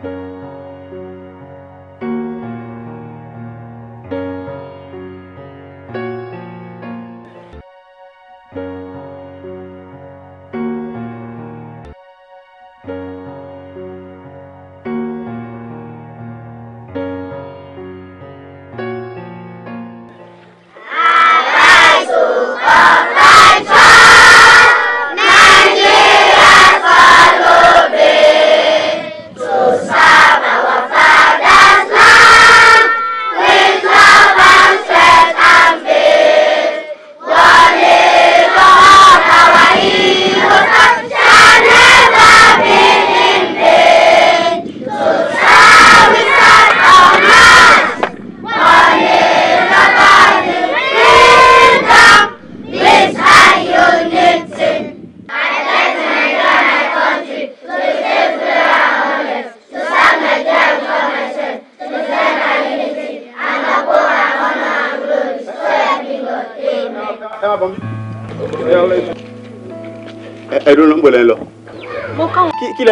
Thank you.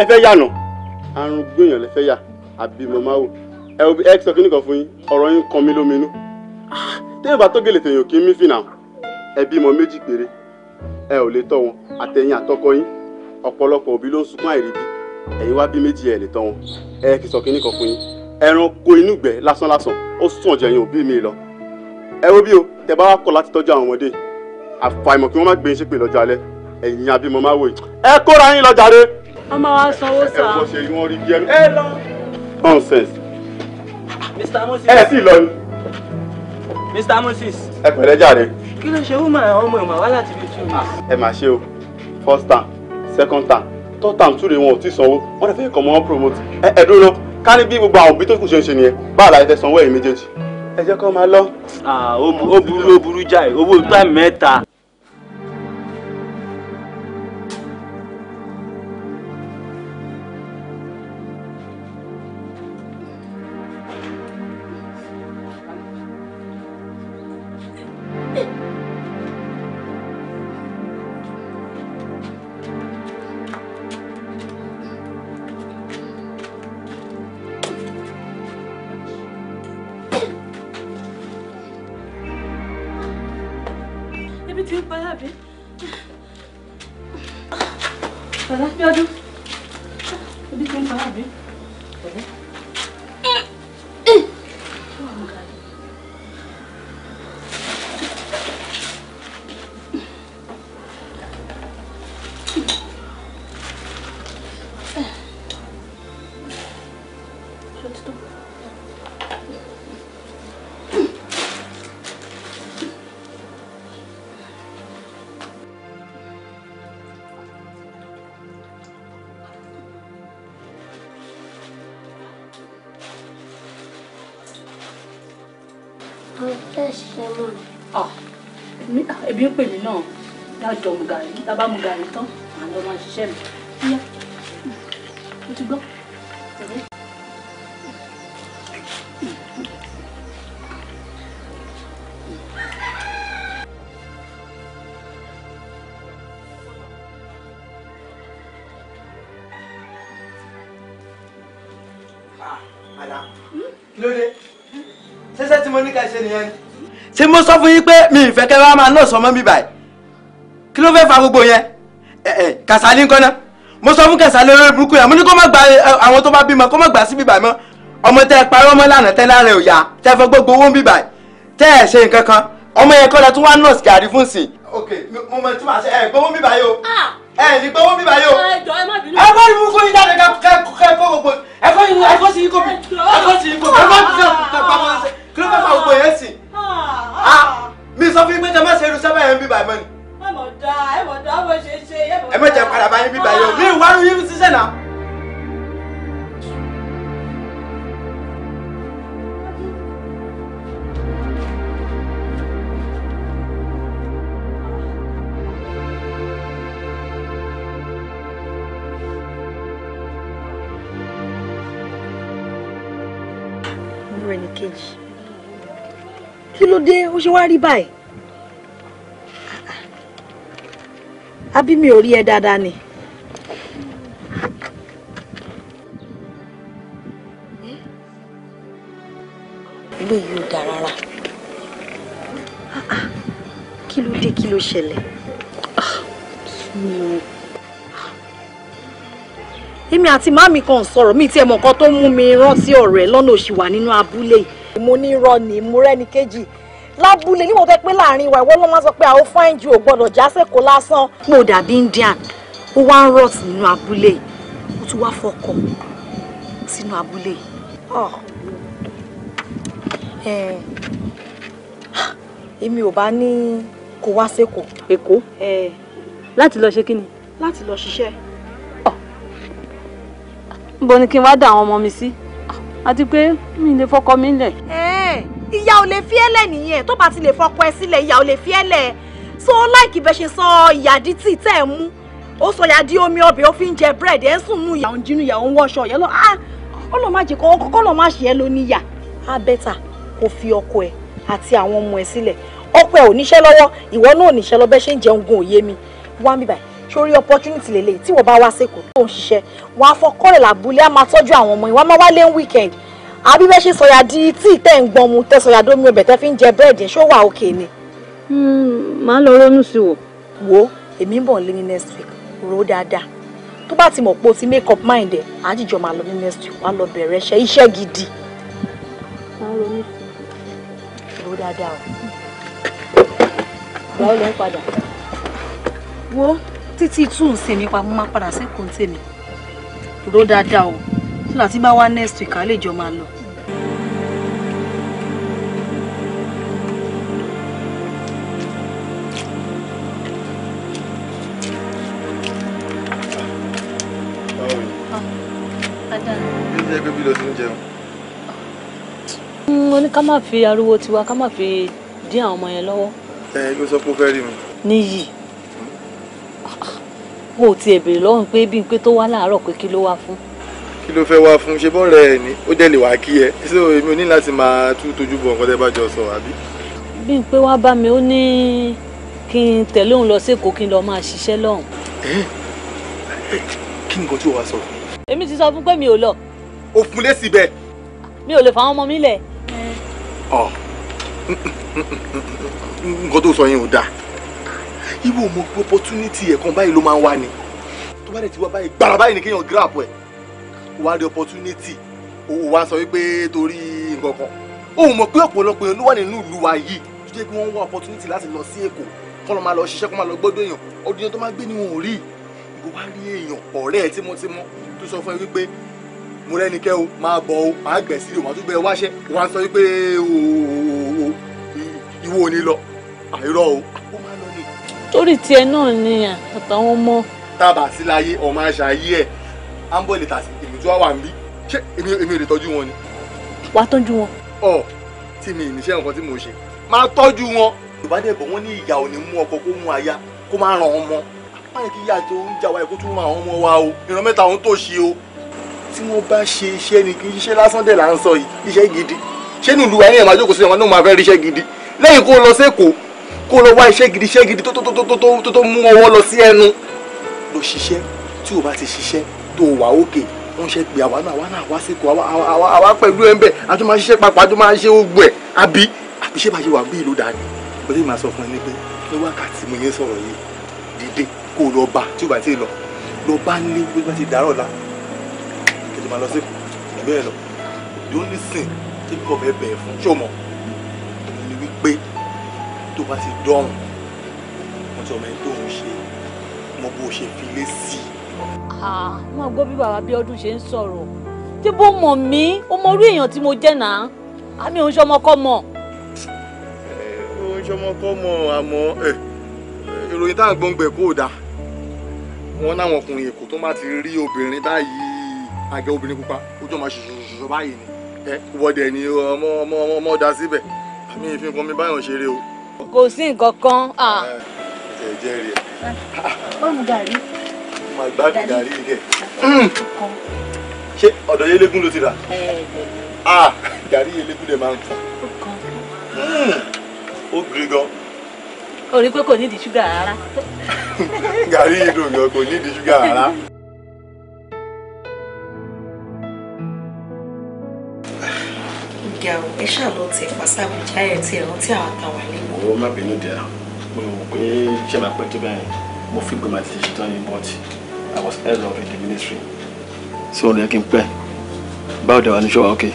lẹ fẹ́ yànà àrùn gbìyàn lẹ fẹ́ yà àbí mo máa wò ẹ wo ẹ sọ kí nìkan fún yín ọ̀rọ̀ yín kan mí lóminú téèyàn bá tó tèèyàn kì í mí fìnà ẹbí mọ méjì péré ẹ ò lè tọ́ wọn àtẹ̀yìn àtọkọ yín ọ̀pọ̀lọpọ̀ òbí ló ń sunkún àìríbí ẹ̀yin wá bí méjì ẹ lè tọ́ wọn ẹ kì sọ kí nìkan fún yín ẹranko inú gbẹ lásán lásán ó sàn jẹ yín òbí mi lọ ẹ wo bí o tẹ bá wá kọ̀ láti tọ́jú àwọn ọmọdé àfàìmọ̀ kí wọn má gbé yín ṣépè lọ́jọ́ alẹ́ ẹ̀yin abímọ má wò yìí ẹ kóra yín lọ jàre wọ́n máa sanwó sá. ẹ wọ́n ṣe rí jẹ́ ẹ lọ. nonsense. Mr. Moses. ẹ sì lọ ni. Mr. Moses. ẹ pẹ̀lẹ́ jàre. kí ló ṣe woman ọmọ ìmọ̀ wá láti fi two weeks. ẹ máa ṣe o first time second time third time túre wọn ò tí sanwó wọn lè fẹ́ kọ́ mọ́ wọn promote ẹ ẹ dúró ká ní bí gbogbo àwọn òbí tó kù ṣe ń ṣe nìyẹn báwo la fẹ́ sanwó ẹ̀yin méjèèjì ẹ jẹ́ kó máa lọ. Ah, ó burú ó burú jáì owó táì mẹ́ta. Ṣọlá bí ọdún. Ebi ti ń pa àbí? Ṣọlá. tábà mu gàrí tán à ń lọ máa ṣiṣẹ́ mi yíyá o ti gbọ́ tẹ̀lé. ṣé mo sọ fún yín pé mi ìfẹ́ kẹ́ wá máa nọ́ọ̀sì ọmọ bíbáyìí kí ló fẹ́ fa gbogbo yẹn kàsálí ńkọ́ náà mo sọ fún kàsálí olórí burúkú yẹn mo ní kó má gba àwọn tó bá bímọ kó má gbà sí bíbà mọ́ ọmọ tẹ́ ẹ parọ́ mọ́ lánàá tẹ́ lára òyà tẹ́ ẹ fẹ́ gbogbo owó ń bíbà tẹ́ ẹ ṣe nǹkan kan ọmọ yẹn kọ́ la tún wá nọ́ọ̀sì gàrí fún sí. ok mo mọ tí màá ṣe ẹ gbowó bíbà yìí o ẹ ní gbowó bíbà yìí o ẹ kọ́ ìlú fún yín jáde kẹ́ kó gbogbo ẹ kọ́ ìlú ẹ kọ́ sí ikó bí ẹ kọ́ sí ikó bí ẹ má ti ṣe ah! kí ló fẹ́ fà gbogbo yẹn sí. Ah! Ah! mi sọ fún yín pé tẹ má ṣe irú sẹ́fẹ̀ yẹn bíbà mọ́ni ẹ má jẹ́ padà báyìí bíbá yìí o mi ìwárú yín ṣiṣẹ́ náà. kí ló dé ó ṣe wá rí báyìí. àbí mi ò rí ẹ dáadáa ni. ilé yìí ò dáa rárá. Ah, ah. kí ló dé kí ló ṣẹlẹ̀. Ah, èmi àti màmí kan sọ̀rọ̀ mi tí ẹ mọ̀ nǹkan tó mú mi rántí ọ̀rẹ́ lọ́nà òṣìwà nínú abúlé mo ní irọ́ ni mo rẹ́ni kejì lábúlé níwọ̀n tẹ́ pé láàrin ìwà ìwọ́n ló máa sọ pé àwọn fáìn ju ò jásẹ̀kọ́ lásán. mo dàbí indian ó wá ń rot nínú abúlé ó tún wá fọkọ sínú abúlé. Ah. Eh. èmi ò bá ní kó wá sẹ́kọ̀ọ́. èkó eh. láti lọ ṣe kí ni. láti lọ ṣiṣẹ́. Ah. níbo ni kí n wá dá àwọn ọmọ mi sí ah. àti pé mi lè fọkọ mi lẹ̀. Eh ìyá ò lè fi ẹlẹ nìyẹn tó bá ti lè fọkọ ẹ sílẹ̀ ìyá ò lè fi ẹlẹ so láìkí bẹ ṣe sọ ìyàdí tí tẹ ẹ mú ó sọ ìyàdí omi ọbẹ̀ ó fi ń jẹ búrẹ́dì ẹ ń sùn nù ìyàwó jínú ìyàwó ń wọṣọ ìyẹn lọ ah ó lọ má jẹ kó kó lọ má ṣe ẹ ló níyà á ah, bẹ́tà kó fi ọkọ ẹ àti àwọn ọmọ ẹ sílẹ̀ ọkọ ẹ ò níṣẹ́ lọ́wọ́ ìwọ náà ò lọ bẹ ṣe ń jẹun gun òye mi wá mi báyìí sórí opportunity lélẹ́yìí tí wọ́n bá wá sí Èkó tó ń ṣiṣẹ́ wọ́n á fọkọ́rẹ̀ làbúlé á máa tọ́jú àwọn ọmọ ìwà máa wá lé ń weekend àbí bẹ́ẹ̀ ṣe sọ̀yà di tí tẹ̀ ń gbọ́n mu tẹ sọ̀yà dómi ọbẹ̀ tẹ́ fi ń jẹ búrẹ́dì ṣó wà òkè ni. Hmm, màá lọ ronú sí wò. wo èmi ń bọ̀ lé ní next week rò ó dáadáa tó bá ti mọ̀ pé o ti make up mind ẹ̀ àjíjọ máa lọ ní next week wàá lọ bẹ̀rẹ̀ ṣe iṣẹ́ gidi. màá ronú sí rò ó dáadáa o báwo ló ń padà. wo títí tún un sèmi pa mo máa padà sẹ́kọ̀ọ́ tèmi rò ó dáadáa o so that bá wá next week a lè jọ máa lọ. Ah, mm, mo ní ká má fi ariwo tiwa ká má fi dín àwọn ọmọ yẹn lọ́wọ́. ẹ ló sọ pé ó fẹ́ rí mi. níyì ah, ah, o ò tiẹ̀ béèrè lọ́rùn pé kí ló fẹ́ wá fún ṣe bọ́ọ̀rẹ́ ẹ̀ ni ó dẹ̀ lè wá kí ẹ so èmi ò ní láti máa tú tójú bọ̀ nǹkan tẹ́ bá jọ sọ àbí. bí n pé wá bá mi ó ní kí n tẹ̀lé òun lọ sí èkó kí n lọ máa ṣiṣẹ́ lọ́hùn. kí nǹkan tí o wá sọ fún mi. èmi ti sọ fún pé mi ò lọ. òfun lé síbẹ̀. mi ò lè fàwọn ọmọ mi lẹ̀. nǹkan tó sọ yẹn ò dáa ìwọ mọ̀ opportunity ẹ̀kan báyìí ló máa ń wá ni tó bá dẹ̀ ti wá báyìí gbàrà báyìí ni kéèyàn grab ẹ̀ o wá rí opportunity o wá sọ wípé torí nǹkan kan òun mọ̀ pé ọ̀pọ̀lọpọ̀ èèyàn ló wà nínú ìlú wa yìí tó jẹ́ pé wọ́n wá opportunity láti lọ sí èkó kọ́ lọ máa lọ ṣiṣẹ́ kọ́ máa lọ gbọ́dọ̀ èèyàn ọdún yẹn tó máa gbé ni wọn ò rí ìgbò wá rí èèyàn ọ̀rẹ́ ẹ̀ tímọ́tímọ́ tó sọ fún ẹ wípé mo rẹ́ni kẹ́ o máa bọ̀ o máa gbẹ̀ sí o máa tún bẹ wáṣẹ́ o wá sọ wípé o ìwọ ò ní lọ àìrọ o ó máa lọ ni. torí tiẹ̀ náà ni àtàwọn ọmọ. tábà sí láyé ọmọ àṣà yí ẹ̀ à ń bọ̀ lè tà sí tó wà ń bí ṣé èmi èmi ò lè tọ́jú wọn ni. wà tọ́jú wọn. ọ tí mi ìníṣẹ́ nǹkan tí mo ṣe máa tọ́jú wọn. yorùbá dẹ̀ bọ̀ wọ́n ní ìyá ò ní mú ọkọ kó mú aya kó má ràn ọmọ báyìí kí ìyá àti oúnjẹ wa kó tún ràn ọmọ wa o ìran mẹ́ta òun tó ṣe o tí wọ́n bá ṣe iṣẹ́ ni kì í ṣiṣẹ́ lásán dẹ̀ là ń sọ yìí iṣẹ́ gidi ṣé ní ẹ̀ máa jókòó sí ẹ̀ náà máa fẹ́ rí gidi lẹ́yìn kó lọ sẹ́kọ̀ọ́ kó lọ wá iṣẹ́ gidi iṣẹ́ gidi tó tó tó tó tó mú ọwọ́ lọ sí ẹnu lọ ṣiṣẹ́ tí o bá ti ṣiṣẹ́ tó wà òkè wọ́n ṣe pé àwa náà àwa náà wá sí kó àwa pẹ̀lú ẹ̀ ń bẹ̀ a tún máa ṣiṣẹ́ papọ̀ a tún máa ṣe ogun ẹ̀ àbí àbí ṣé bá ṣe wà bí ìlú dáa ni bó ṣe máa sọ fún ẹ ní pé ní wákàtí mo yẹn sọ̀rọ̀ yìí dìde kó o lọ bá tí o bá ti lọ lọ bá ń lé bí o bá ti dàárọ̀ la kẹjọ máa lọ sí ìbẹ́ẹ̀ lọ the only thing tí kò fẹ́ bẹ̀ẹ̀ fún ṣọmọ ni wípé tó bá ti dọ̀hún mo ti ọmọ ẹni tó ń ṣe mo bó ṣe fi lé sí i máa gbọ́ bí bàbá Abíọ́dún ṣe ń sọ̀rọ̀ tí bó mọ̀ mí ó mọ orí èèyàn tí mo jẹ́ náà àmì òun ṣọmọkọ́mọ. òun ṣọmọkọ́mọ àmọ́ ìròyìn tá à ń gbọ́ngbẹ̀ kó o dà wọ́n náwọn ọkùnrin èkó tó máa ti rí obìnrin báyìí àgẹ obìnrin pupa ojú ọmọ ṣoṣoṣoṣo báyìí ni ẹ wọ́dẹ̀ ni ọmọ ọmọ ọmọ da síbẹ̀ àmì ìfihàn mi báyọ̀ ṣeré o. kò sí nǹkan kan. ẹ jẹ́ rí ẹ. ó mú gàrí máa gbádùn gàrí rẹ̀. Mm. ṣé ọ̀dọ̀ yẹlẹ́gùn ló ti rà? gàrí yẹlẹ́gùn lè máa ń tà. ó mm. gírí gan. o rí pé kò nídìí ṣúgà rárá. gàrí yìí dùn gan kò nídìí ṣúgà rárá. o ẹ ṣáà lọ tẹ pàṣẹwì jáyẹ tí ẹran tí àwọn àtàwà lè. owó má bínú dira mo rò pé ṣé máa pẹ́ tó bẹ́ẹ̀ mo fi gbé màtí ṣetán ní bọ́ọ̀tì. I was head of the ministry. So ọ̀rẹ́ kí n pẹ́. Báwo dẹ̀ wà ní ṣọ́wà ókè?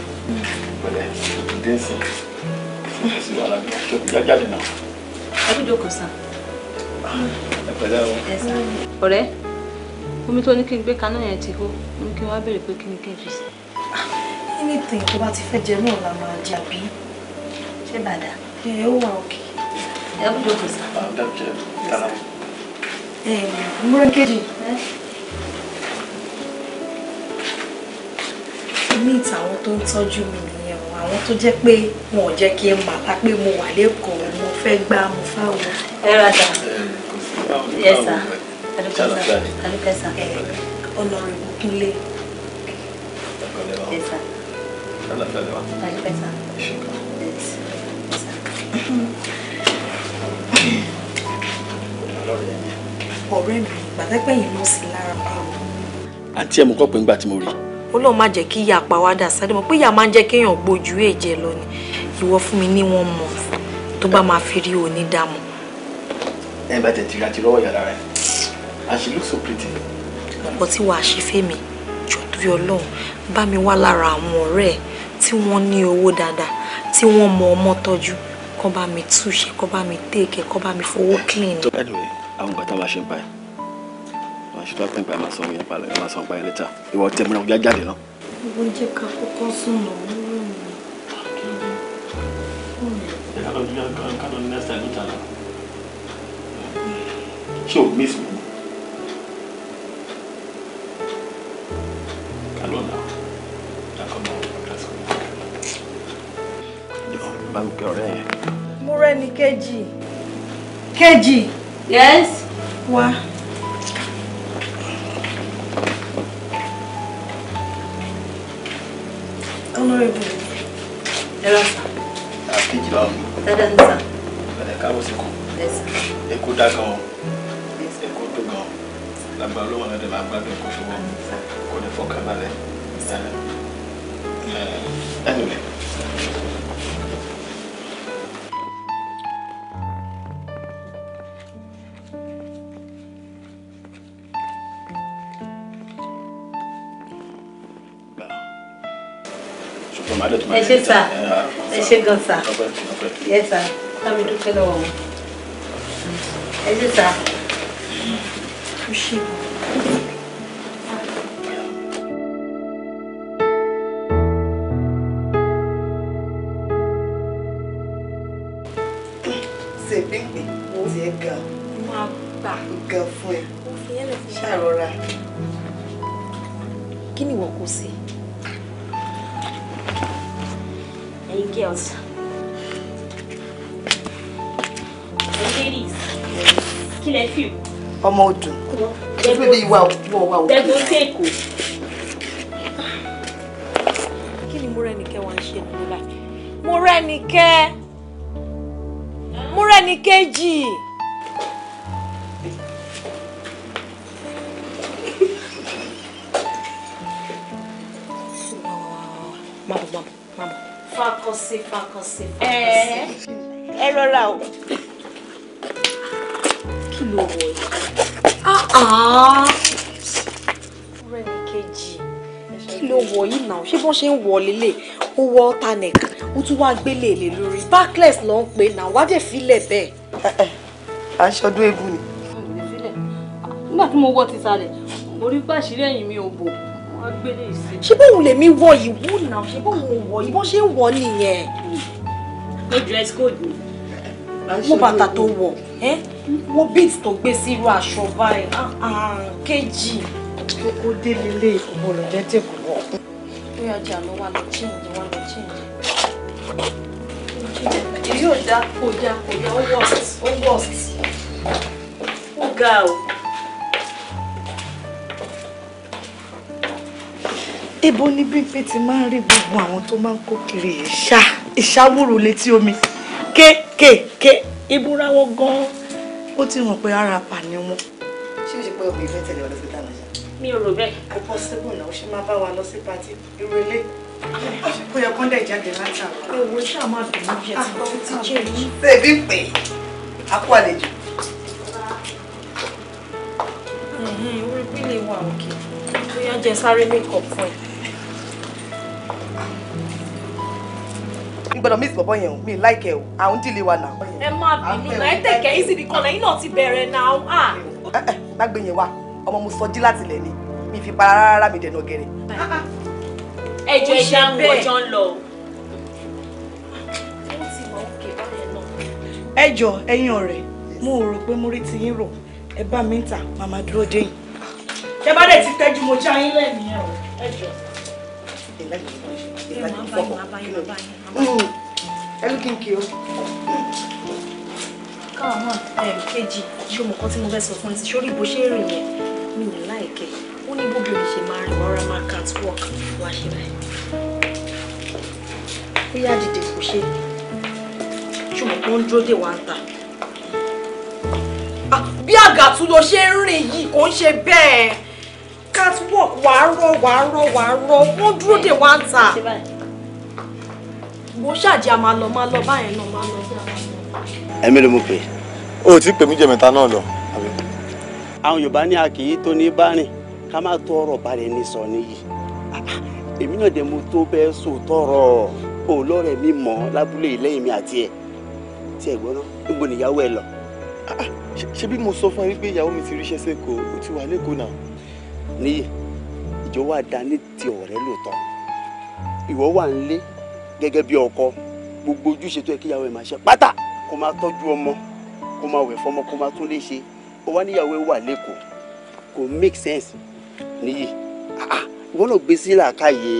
Pẹ̀lẹ́, ìdí ń sìn. Ṣé wàhálà mi? Ṣé o jáde náà? Ẹbí jókòó sá. Ẹ pẹ̀lẹ́ o. Ọ̀rẹ́, omi tó ní kí n gbé kaná yẹn ti hó. Mo ní kí n wá béèrè pé kí ni kí n fi sí. Ah, anything tó bá ti fẹ́ jẹ náà la máa jẹ àbí? Ṣé bàdà? Ẹ ó wà òkè. Ẹbí jókòó sá. Bàdà jẹ kálá. Ẹ múrẹ́kẹ́jì. meet àwọn tó ń tọ́jú mi nìyẹn o àwọn tó jẹ́ pé wọn ò jẹ́ kí n mà bá pé mo wà lẹ́kọ̀ọ́ mo fẹ́ gbá mo fẹ́ wọ. ẹ rádà yẹ sá alukẹsà alukẹsà ọlọrin kúnlé yẹ sá alukẹsà. ọ̀rẹ́ mi gbàdẹ́gbẹ̀yìn ló sì lára pa o. àǹtí ẹ̀ mú kọ́ pé ńgbà tí mo rí i ọlọ́run má jẹ́ kí ìyá àpáwádà sáré mọ́ pé ìyá máa ń jẹ́ kéèyàn gbójú èjẹ lọ ni ìwọ fún mi ní one month tó bá máa fi rí òní dààmú. ẹ bá tẹ̀ tìrì àti rọ́wọ́ yàrá rẹ̀ and she looks so pretty. ọ̀pọ̀ tí wàá ṣe fẹ́mi jọ torí ọlọ́run bá mi wá lára àwọn ọ̀rẹ́ ẹ̀ tí wọ́n ní owó dáadáa tí wọ́n mọ ọmọ tọ́jú kọ́ bá mi túṣe kọ́ bá mi téèkẹ́ kọ́ bá mi fowó clean. anyway àwọn bàtà wa ṣe báyìí ṣètò àpẹǹpẹ àmà sọ yẹn palẹ àmà sọ báyẹn lẹ́tà ìwọ tẹ múra ọjà jáde lọ. gbogbo ń jẹ ká kọ́kọ́ sùn lọ wúrò mi. ṣé o miss me. Kalona, akọ̀nà ọ̀dọ́sọ̀rọ̀. Jọ̀ọ́ bá mi kẹ́ ọ̀rẹ́ yẹn. Mo rẹ́ni kejì. Kejì. Yes. Wá. Wow. Honorable. Hello, sir. Àkejì báwo. Dada ni sir. Ẹ káàbọ̀ sí kù. Yes sir. Ẹ kú dá gan o. Yes sir. Ẹ kú tó gan o. Lágbà olówó náà dẹ̀ máa gbádùn ẹ̀kọ́ ṣọwọ́. Kò ní ẹ ṣe sà ẹ ṣe gan sà yẹ sà kámi dúpẹ́ lọ́wọ́ ẹ ṣe sà ó ṣe ladies kí lẹ fi. ọmọ odò ẹgbẹ́ bíi wà wọ̀ wà òkè. dẹ́gbọ́n sí èkó. kí ni mo rẹ́ nìkẹ́ wá ń ṣe nínú láti. mo rẹ́ mo rẹ́ ní fakọsí fakọsí fakọsí. ẹ ẹ rọra o lò wọ̀ yìí. ọ̀rẹ́ mi kejì kí ló wọ̀ yìí náà ṣé bọ́n ṣe ń wọ̀ lélẹ̀ ó wọ tanek ó tún wá gbélé èlé lórí backless ló ń pè náà wá dé filẹ̀ bẹ́ẹ̀. aṣọdún egun ni. nígbà tí mo wọ ti sálẹ̀ mo rí pàṣírí ẹ̀yìn mi ò bò wọ́n gbélé ìsìn. ṣé bóun lèmi wọ yìí wú náà ṣé bóun wọ yìí bọ́n ṣe ń wọ nìyẹn. no dress code ni. mo bàtà tó wọ̀ ẹ́ wo beat tó gbé sí irú aṣọ báyìí ah, ah, kejì kókó délé lé ìkókó lọ jẹ́ tèkó wọ. bóyá jẹ́ àlọ́ wa lọ chíǹjì wa lọ change? èyí ò dá kó dá kó dá ó wọ̀st ó wọ̀st ó ga o. ibo ni Bímpé ti máa ń rí gbogbo to tó máa ń kó kiri ìṣá ìṣáwòrò létí omi kéékèèké ibúra wọn gan-an ó ti mọ̀ pé ara pa ni wọ́n. ṣé o ṣe pé obìnrin fẹ́ tẹ̀lé ọ lọ sí dáná ṣá. mi ò rò bẹ́ẹ̀. kò possible náà ó ṣe máa bá wa lọ sí pati irú ilé kó yẹ kán dẹ̀ jáde láti àwọn. ewu tí a máa dùn mí jẹ ti bọ́ ti jẹ́ mi. Ah, ah, bẹ́ẹ̀bí pé a kó àlejò. orí pínlẹ̀ wà òkè bóyá jẹ sáré make up fún ẹ. mi gbọ́dọ̀ miss bọ̀bọ̀ yẹn o mi like ẹ o à ń dìlé wa nà. ẹ má bínú ẹ tẹ̀kẹ́ yìí sì ní kọlẹ̀ yìí náà ti bẹ̀rẹ̀ náà. ẹ ah. ẹ eh, eh, má gbé yẹn wá ọmọ mo sọ jí láti lẹ̀ ni mi fi para rárá mi dẹ̀nà gẹ̀rẹ̀. ẹjọ ẹja mú ọjọ ń lọ. ẹjọ ẹ̀yin ọ̀rẹ́ mo rò pé mo rí ti rò ẹ bá mi ta màmá dúró dé yìí. tẹ bá dẹ̀ ti tẹ́jú mo já yín lẹ́nu yẹn o ẹjọ láti fọkọ ẹlú kí n kí o. káwọn náà kejì ṣé mo kọ́ tí mo fẹ́ sọ fún ẹ sí sórí bó ṣe rìn yẹn mi ò walk wá ṣe báyìí. ó yá dìde kò ṣe ṣùgbọ́n tó ń dúró dè wá ń ta ah, bí àgàtú ló ṣe ń rìn yìí kò ń ṣe bẹ́ẹ̀ catwalk wàá rọ wàá rọ wàá rọ wọ́n dúró dè wá ń tà mo ṣàjẹ́ máa lọ máa lọ báyẹn náà máa lọ. ẹ mélòó mo pè é. o ò tí ì pè mí jẹ mẹ́ta náà lọ. àwọn yorùbá ní a kì í tó ní bá rìn ká má tó ọ̀rọ̀ balẹ̀ ní sọ nìyí èmi náà dẹ̀ mo tó bẹ́ẹ̀ sọ tọrọ òun mi mọ̀ lábúlé lẹ́yìn mi àti ẹ̀ tí ẹ̀ gbọ́n náà níbo nìyàwó ẹ lọ. Ah, ah, ṣé bí mo sọ fún ẹ wípé ìyàwó mi ti ríṣẹ́ sẹ́kọ̀ọ́ ó ti wà lẹ́kọ̀ọ́ náà níyì ìjọ wa da ní ti ọ̀rẹ́ lóòótọ́ ìwọ wà ń lé gẹ́gẹ́ bí ọkọ gbogbo ojúṣe tó yẹ kíyàwó ẹ̀ máa ṣe pátá kó máa tọ́jú ọmọ kó máa wẹ̀ fọmọ kó máa tún lè ṣe ó wá níyàwó ẹ̀ wà lẹ́kọ̀ọ́ kò make sense níyì ìwọ náà gbé sí làákàyè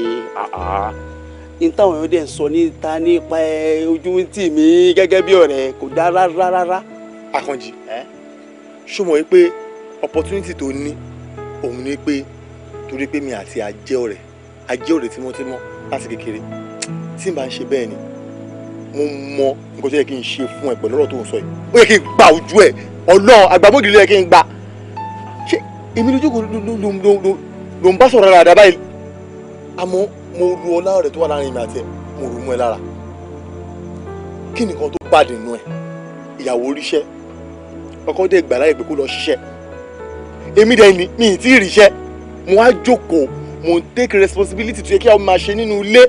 n táwọn èèyàn dẹ̀ ń sọ níta nípa ojú tì mí gẹ́gẹ́ bí ọ̀rẹ́ kò dá rárá rárá. Akànjí ṣó mọ̀ wípé opportunity tó ní. Eh? òun ni pé torí pé mi àti àjẹ́ ọ̀rẹ́ àjẹ́ ọ̀rẹ́ tímọ́tímọ́ láti kékeré tí n bá ń ṣe bẹ́ẹ̀ ni mo mọ nǹkan tó yẹ kí n ṣe fún ẹ pẹ̀lú ọ̀rọ̀ tó ń sọ yìí ó yẹ kí n gba ojú ẹ ọ̀nà àgbàmọ́dìlẹ̀ yẹ kí n gba ṣé èmi lójú kò ló ń bá sọ̀rọ̀ rárá báyìí àmọ́ mo ru ọlá ọ̀rẹ́ tó wà láàrin mi àti ẹ mo rù mọ́ ẹ lára kí nìkan tó bàdé nù ẹ ìyàwó oríṣẹ́ ọkọ dé gbàláyè pé kó lọ ṣiṣẹ́ èmi dẹ̀ ni mi ì tí mo wá jókòó mo ń take responsibility tó yẹ kí àwọn máa ṣe nínú ilé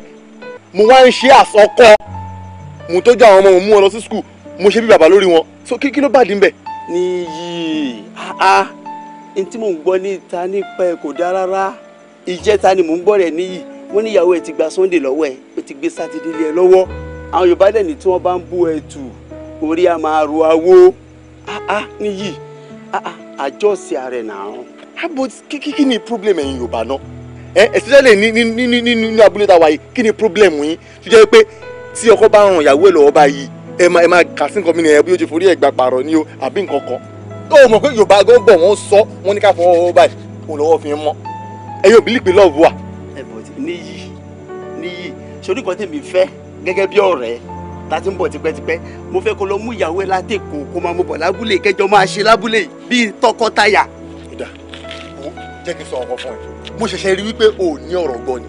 mo wá ń ṣe àsọkọ mo tọ́jú àwọn ọmọ mo mú wọn lọ sí school mo ṣe bí bàbá lórí wọn so kí kí ló bàdí ń bẹ. níyì áá n tí mò ń gbọ́ níta nípa ẹ̀ kò dáa rárá ìjẹta ni mò ń gbọ́ rẹ̀ níyì wọ́n ní ìyàwó ẹ̀ ti gba Sunday lọ́wọ́ ẹ̀ ó ti gbé sátidé lé ẹ lọ́wọ́ àwọn Yorùbá dẹ̀ ní tí wọ́n bá ń bú ẹ tù orí a máa ro awó áá níyì Ah ààrẹ náà abo kí ni problem ẹ̀yin yorùbá náà ẹ eh, especially ní Eh, especially ni ni ni ni ni ni yìí kí ni problem yín tó jẹ́ pé tí ọkọ bá ràn ìyàwó ẹ̀ lọ́wọ́ báyìí ẹ máa ẹ máa kà sí nǹkan mi nìyẹn bí o ti forí ẹ̀ gbà pààrọ̀ ni o àbí nǹkan kan ó mọ̀ pé yorùbá gbọ́ngbọ̀n wọn sọ wọn ní ká fọwọ́ wọ́wọ́ báyìí òun lọ́wọ́ fi ń mọ́ ẹ yóò bí lípin lọ́ọ̀bù wa. ẹ bọ̀ níyì níyì sórí kan tèmi fẹ́ gẹ́gẹ́ bí ọ̀rẹ́ láti ń bọ̀ tipẹ́tipẹ́ mo fẹ́ kó lọ mú ìyàwó ẹ láti èkó kó máa mú bọ̀ lábúlé kẹjọ máa ṣe lábúlé bíi tọkọtaya. ìdá wo jẹ́ kí n sọ ọkọ fún ẹ mo ṣẹ̀ṣẹ̀ rí wípé o ò ní ọ̀rọ̀ gbọ́ ni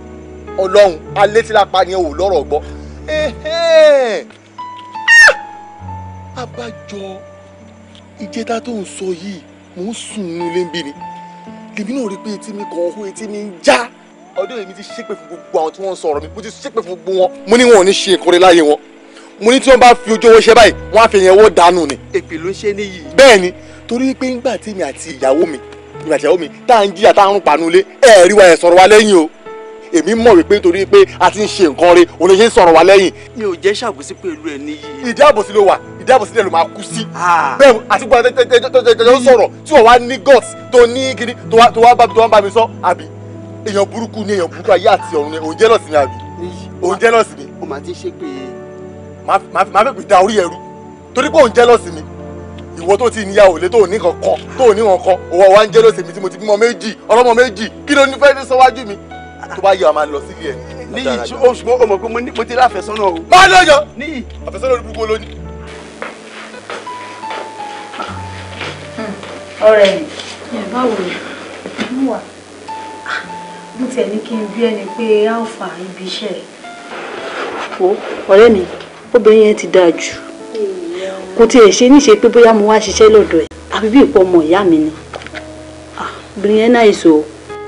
ọlọ́run alẹ́ tí lápá ni o ò lọ́rọ̀ gbọ́. Ah! abájọ ìjẹta tó ń sọ yìí mò ń sùn nílé ń ni lèmi náà rí pé etí mi kàn hó etí mi ń já ọdún èmi ti ṣépè fún gbogbo àwọn tí wọ́n ń sọ ọ̀rọ̀ mi mo ti ṣépè fún gbogbo wọn mo ní wọn ò ní ṣe ìkórè láyé wọn mo ní tí wọ́n bá fi ojú owó ṣe báyìí wọ́n á fi yẹn owó dànù ni. èpè ló ń ṣe níyì. bẹ́ẹ̀ ni torí pé ńgbà tí mi àti ìyàwó mi ìgbà tí ìyàwó mi tá à ń jìyà tá à ń panu lé ẹ rí wa ẹ sọ̀rọ̀ wa lẹ́yìn o èmi mọ̀ wípé torí pé a ti ń ṣe nǹkan re òun ṣe ń sọ̀rọ̀ wa lẹ́yìn. mi ò jẹ́ ṣàbòsí pẹ̀lú ẹ níyì. ìdí àbòsí ló wà ìdí àbòsí lẹ́nu máa kú sí. Ah. bẹ́ẹ̀ àti gbọ́dọ̀ tẹ́tẹ́tẹ́tẹ́tẹ́ sọ̀rọ̀ tí wọ́n wá ní guts tó ní kiri tó wá bá mi sọ àbí èèyàn burúkú ni èèyàn burúkú ayé àti ọ̀run ni òun jẹ́ lọ́sìn ni àbí òun jẹ́ lọ́sìn ni. o máa ti ṣe pé máa fẹ́ pè da orí ẹrú torí pé òun jẹ́lọ́sì mi ìwọ tó ti níyàwó lé tó ní kankan tó ní kankan òwò wa ń jẹ́lọ́sì mi tí mo ti bímọ méjì ọlọ́mọ méjì kí ló ní fẹ́ ní sọ́wájú mi tó bá yẹ wa máa lọ sílé ẹ. níyì tí o sọ ọmọ pé mo ti láfẹsọ́nà o. má lọ yọ níyì àfẹsọ́nà orí gbogbo lónìí. ọ̀rẹ́ yìí báwo ni wà mo tẹ̀ ní kí n bí ẹni pé alfa ibi iṣẹ́ rẹ̀. ọ̀rẹ́ mi obìnrin yẹn ti dáa jù kò tiẹ̀ ṣe níṣe pé bóyá mo wá ṣiṣẹ́ lọ́dọ̀ ẹ̀ àbí bí ìpọ̀ ọmọ ìyá mi ni ah, obìnrin yẹn náà ìṣó.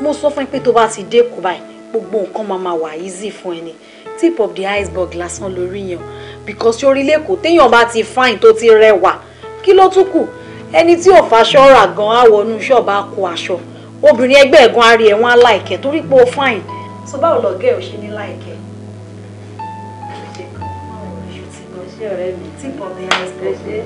mo sọ fún ẹ pé tó bá ti dé kó báyìí gbogbo nǹkan máa máa wà easy fún ẹ ni tip of the iceberg lásán lórí yẹn because sórí lẹ́kọ̀ọ́ téèyàn bá ti fine tó ti rẹwà kí ló tún kù ẹni tí ò faṣọ rà gan á wọnú ṣọ́ọ̀bù á kó aṣọ obìnrin ẹgbẹ́ ẹ̀gan á rí ẹ̀wọ̀n á láìkẹ́ torí pé ó fine so báwo lọ́gẹ́ ò ṣe ní láìkẹ́. ṣe ọ̀rẹ́ mi tí kò é ṣe.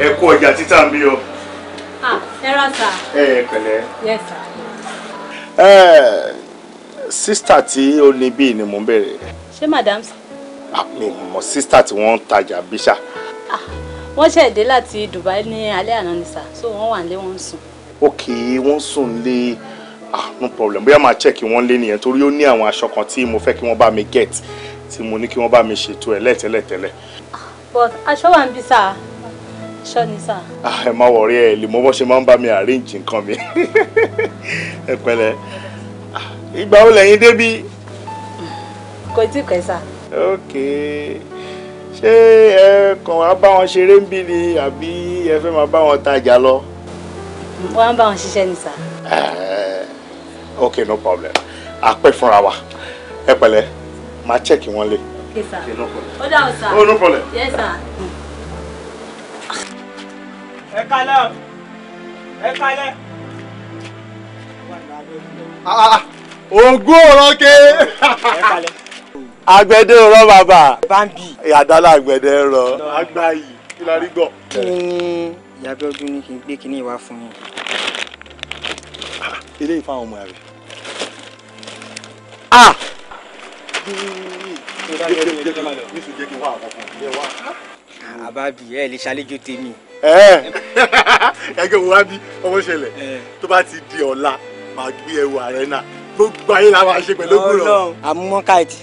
ẹ ọjà títà mi o. Ah, ẹ rà sà. ẹ pẹ̀lẹ́. yes sà. ẹ Sister, tí ó le bíi ni mò ń bèrè. ṣé madam. àmì ah, mọ sísítà tí wọ́n ń tajà bíṣà. Ah, wọ́n ṣẹ̀ dé láti Dubai ní alẹ́ àná so wọ́n wà nílé wọ́n ń sùn. ok wọ́n sùn ah no problem bóyá máa check wọ́n lé nìyẹn torí ó ní àwọn aṣọ kan tí mo fẹ́ kí wọ́n bá mi get tí mo ní kí wọ́n bá mi ṣètò ẹ̀ lẹ́tẹ̀lẹ́tẹ̀lẹ̀. but aṣọ wa ń bí sáà Ah, ni sáà. the má she ẹ lè me bó ṣe máa ń bá mi arrange nǹkan mi ẹ ìgbà wo lẹ́yìn débí. kò tí kẹ́ sà. ok ṣé ẹ kàn wá bá wọn ṣeré ń bí ni àbí ẹ fẹ́ máa bá wọn tajà lọ. wọ́n á bá wọn ṣiṣẹ́ ni sà. Eh, ok no problem àpẹ fúnra wa ẹ pẹ̀lẹ́ máa chẹ́ẹ̀kì wọn lé. ok sà ó dáhùn sà. oh no problem. yes sà. ẹ kálẹ̀ ẹ kálẹ̀. ah ah. ah ogún òrọ́kẹ́. agbẹ̀dẹ rọ bàbá. bambi. àdálà agbẹ̀dẹ rọ. agbáyì kí la rí gbọ́. kí ni ìyàbẹ̀ ọdún ní kí n gbé kíní ìwà fún yín. ilé ìfáwọn ọmọ rẹ. a. Ah! àbábí ẹ lè ṣàlejò tèmi. ẹ ẹ gẹ́gẹ́ wo wá bí ọmọ ṣẹlẹ̀ tó bá ti di ọ̀la màá gbé ẹwà rẹ náà gbogbo ayé la máa ṣe pẹ̀lú gbúrọ̀. àmúmọ́ káàtì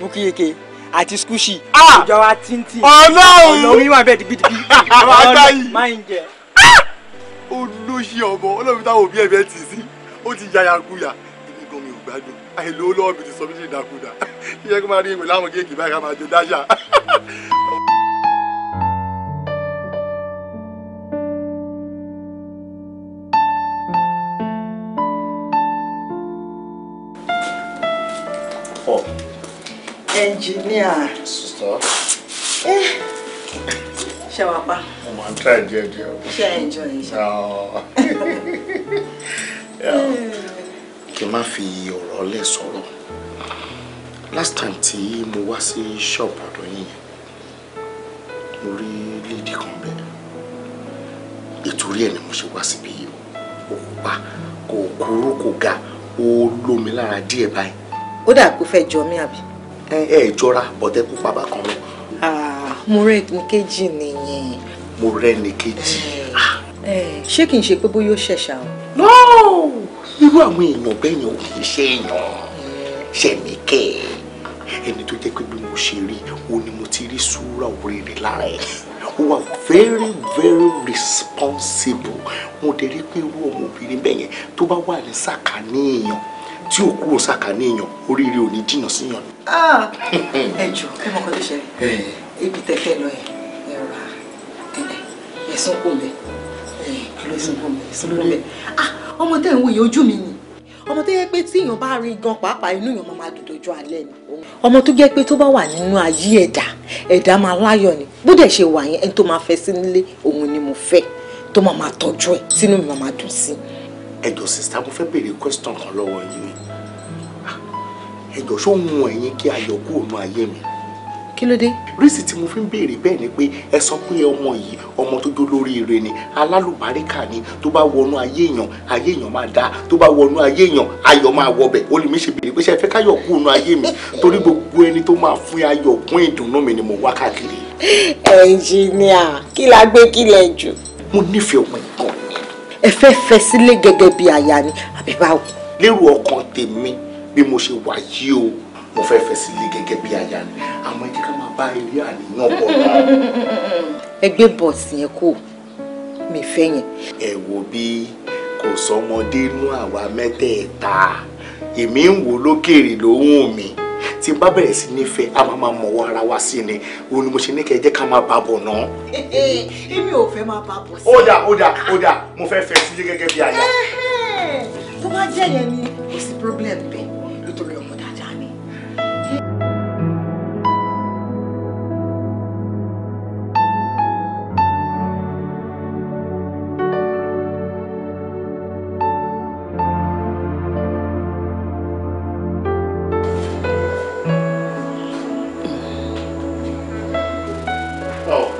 bukiyeke àti skushi. Ah! ìjọ wa tíntín ọlọ́run ọlọ́run yìí wà bẹ́ẹ̀ dibidibi ọlọ́run máa ń jẹ. Ah! olóṣì ọmọ ọlọ́run táwọn òbí ẹ̀ bẹ́ẹ̀ tì sí ó ti yáya kúya ibi gan mi ò gbádùn àìlò olóòbí ti sọ mí ṣe ìdàkudà ìyẹn kó máa rí ìwé láwọn kéèkì báyìí ká máa jẹ dáṣà. for? Engineer. Sister. Eh. Shawapa. Come on, try it, Shall I enjoy it? No. yeah. Hmm. Kí n fi ọ̀rọ̀ lẹ̀ sọ̀rọ̀. Last time tí mo wá sí ṣọ́ọ̀bù ọ̀dọ̀ yín yẹn, mo rí lady kan bẹ́ẹ̀. Ìtorí ẹ̀ ni mo ṣe wá síbí yìí. Ó pupa, kò kúrú, kò ga, ó lómi lára díẹ̀ báyìí ó dà kó fẹ́ jọ mí àbí. ẹ ẹ jọra bọ̀dẹ́ kó pàbà kan lọ. mo rẹ́ ní kejì nìyẹn. mo rẹ́ ní kejì. ṣé kì í ṣe pé bóyá ó ṣẹ̀ṣà o. no irú àwọn èèyàn bẹ́ẹ̀ yẹn ò kì í ṣe èèyàn ṣẹ̀mí ẹni tó jẹ́ pé bí mo ṣe rí o ni mo ti rí súra òrèrè lára ẹ̀ ó wà very very responsible mo dẹ̀ rí pé irú ọmọbìnrin bẹ́ẹ̀ yẹn tó bá wà ní sàkání tí òkú òsàkà ní èèyàn oríire ò ní jìnnà síyàn. Ah, ẹ jù kí mo kọ́ tó ṣẹlẹ̀ ibi tẹ̀fẹ́ lọ ẹ̀ ẹ̀ rà ẹ̀sùn kò mẹ́ ẹ̀sùn kò mẹ́ ẹ̀sùn kò ah, ọmọ tẹ̀ ń wòye ojú mi ni ọmọ tó yẹ pé tí èèyàn bá rí gan pàápàá inú èèyàn máa dùn dojú alẹ́ ni. ọmọ tó jẹ́ pé tó bá wà nínú ayé ẹ̀dá ẹ̀dá máa láyọ̀ ni bó dẹ̀ ṣe wà yẹn ẹni tó máa fẹ́ sí nílé òun ni mo fẹ́ tó máa máa tọ́jú ẹ̀ sínú mi máa dùn sí. ẹ̀dọ̀ sista mo fẹ́ béèrè question kan lọ́wọ́ yín ẹjọ sóhun ẹ̀yin kí ayọ̀ kú òun ayé mi. kí ló dé. rísì tí mo fi ń béèrè bẹ́ẹ̀ ni pé ẹ sọ pé ọmọ yìí ọmọ tó jó lóríire ni alálùbáríkà ni tó bá wọnú ayé èèyàn ayé èèyàn máa dá tó bá wọnú ayé èèyàn ayọ̀ máa wọbẹ̀ ó lè mí ṣe béèrè pé ṣe ẹ fẹ́ káyọ̀ kú òun ayé mi torí gbogbo ẹni tó máa fún ayọ̀ kún ìdùnnú mi ni mo wá káàkiri. ẹnjìníà kí la gbé kílẹ̀ jù. mo nífẹ̀ẹ́ ọmọ ìkànnì. lérò ọkàn tèmi bí mo ṣe wà yìí o mo fẹ́ fẹ́ sílé gẹ́gẹ́ bí aya ni àmọ́ ẹ jẹ́ ká máa bá ilé àníyàn bọ̀ náà. ẹgbẹ́ bọ̀ọ̀sì yẹn kò mi fẹ́ yẹn. ẹ wo bí kò sọmọdé nú àwa mẹ́tẹ̀ẹ̀ta èmi ń wò lókèrè lóhùn mi tí bá bẹ̀rẹ̀ sí nífẹ̀ẹ́ a máa máa mọ̀wọ́ ara wa sí ni òun ni mo ṣe ní kẹ́ ẹ jẹ́ ká máa bá bọ̀ náà. èmi ò fẹ́ máa bá bọ̀ sí. ó dà ó dà ó dà mo fẹ́ fẹ́ sílé gẹ́gẹ́ bí aya. tó bá jẹ́ yẹn ni kò sí problem bẹ́ẹ̀. Oh,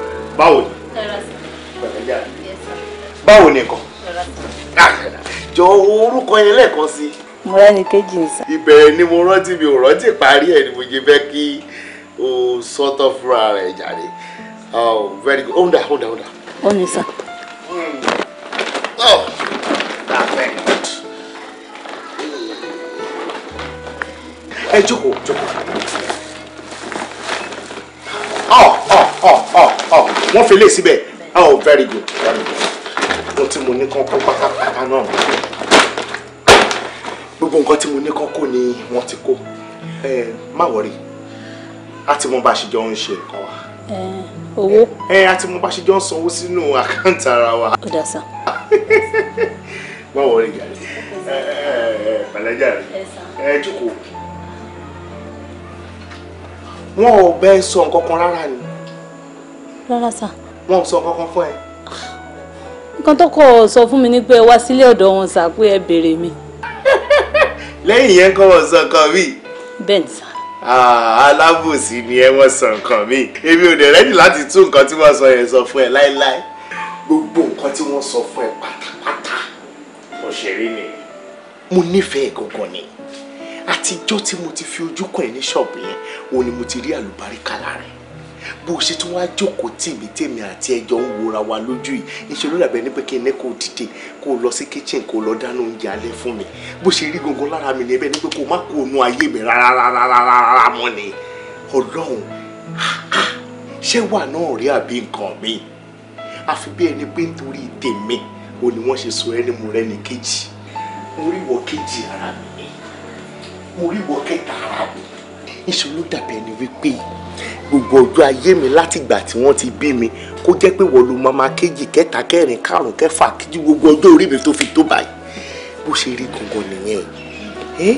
báwo ni nǹkan ah, jọ orúkọ yẹn lẹ́ẹ̀kan sí i mo rẹ́ni kejì nìsa. ìbẹ̀rẹ̀ ni mo rántí mi ò rántí parí ẹ̀ ni mo jẹ fẹ́ kí o sọ́tọ̀ fúnra rẹ̀ jàre oh, very good ọ̀hún dà ọ̀hún dà ọ̀hún dà. ó ní sà. ẹ hmm. oh. jókòó jókòó. ọ̀ ọ̀ ọ̀ ọ̀ ọ̀ wọ́n fi lé síbẹ̀ oh very good very good mo ti mo ní kán kó pátápátá náà gbogbo nǹkan tí mo ní kán ni wọ́n ti kó ẹ má wọrí àti wọn bá ṣe jọ ń ṣe nǹkan wa. owó. ẹ àti wọn bá ṣe jọ ń sanwó sínú àkáǹtì ara wa. ó dà sá. má wọrí gàrí pẹ̀lẹ́jà rẹ̀ ẹ jókòó. wọn ò bẹ́ẹ̀ sọ nǹkan kan rárá ni. rárá sá. wọn ò sọ nǹkan kan fún ẹ nǹkan tó kọ sọ fún mi ni pé wá sílé ọ̀dọ̀ wọn sà pé ẹ béèrè mi lẹ́yìn yẹn kọ́ wọ́n sọ nǹkan mi. bẹ́ẹ̀ ni sà. Ah, alábòsí ni ẹ wọ́n sọ nǹkan mi èmi ò dẹ̀ rẹ́dì láti tún nǹkan tí wọ́n sọ yẹn sọ fún ẹ láéláé gbogbo nǹkan tí wọ́n sọ fún ẹ pátápátá òṣèré ni mo nífẹ̀ẹ́ gangan ni àtijọ́ tí mo ti fi ojú kàn ẹ́ ní ṣọ́ọ̀bù yẹn òun ni mo ti rí àlùbáríkà lára ẹ̀ bó o ṣe tún wá jókòó tèmi tèmi àti ẹjọ́ ń wora wa lójú yìí ìṣòro làbẹ ní pé kí n ní kó dìde kó o lọ sí kitchen kó o lọ dáná oúnjẹ alẹ́ fún mi bó ṣe rí gangan lára mi ní ẹ̀bẹ̀ ní pé kó o má kó o nu ayé mi rárá rárá rárá mọ́ ni Ọlọ́run ṣé wà náà rí àbí nǹkan mi àfi bí ẹni pé nítorí tèmi o ni wọ́n ṣe sọ ẹni mo rẹ́ni kejì mo rí ìwọ kejì ara mi mo rí ìwọ kẹta ara mi níṣẹ́ ló dàbí ẹni wípé gbogbo ọjọ́ ayé mi látìgbà tí wọ́n ti bí mi kó jẹ́ pé wọ́n ló máa ma kéjì kẹta kẹrin karùn kẹfà kíjú gbogbo ọjọ́ orí mi tó fi tó báyìí bó ṣe rí gangan nìyẹn ẹ́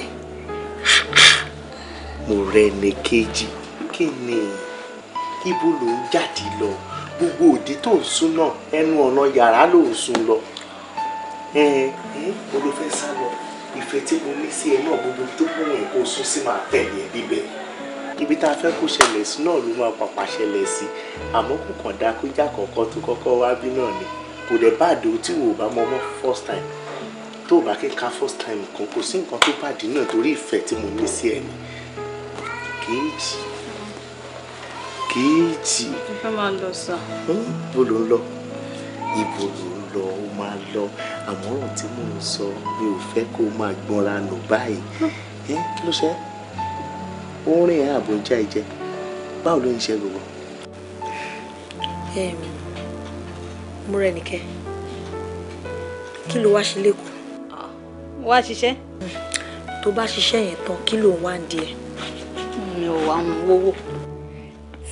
mo rẹ ní kéjì kí ni ibo ló ń jáde lọ gbogbo òde tó ń sún náà ẹnu ọ̀nà yàrá ló ń sún lọ ẹ ẹ olùfẹ́ sá lọ ìfẹ́ tí mo ní sí ẹ náà gbogbo tó kún ẹ̀ kó sún sí máa tẹ̀lé ẹ bíbẹ̀ ibi tá a fẹ́ kó ṣẹlẹ̀ sí náà ló máa pàpà ṣẹlẹ̀ sí àmọ́ kò kàn dá kó já kọ̀ọ̀kan tó kọ́kọ́ wá bí náà ni kò dẹ̀ bá àdó tí wò bá mọ́ mọ́ first time tó o bá kí n ka first time kan kò sí nǹkan tó bàdí náà torí ìfẹ́ tí mo ní sí ẹ ni kejì kejì. ìfẹ́ máa lọ sàn. Hm? bó ló ń lọ ibo ló ń lọ ó máa lọ àmọ́ràn tí mò ń sọ mi ò fẹ́ kó máa gbọ́nra nù báyìí ẹ kí ló ṣe ó ń rìn ààbò já ìjẹ báwo ló ń ṣe gbogbo. Múrẹ̀níkẹ́ kí ló wá ṣe lẹ́kọ̀ọ́. wá ṣiṣẹ́. tó bá ṣiṣẹ́ yẹn tán kí ló ń wá ń di ẹ. mi ò wá ń wówó.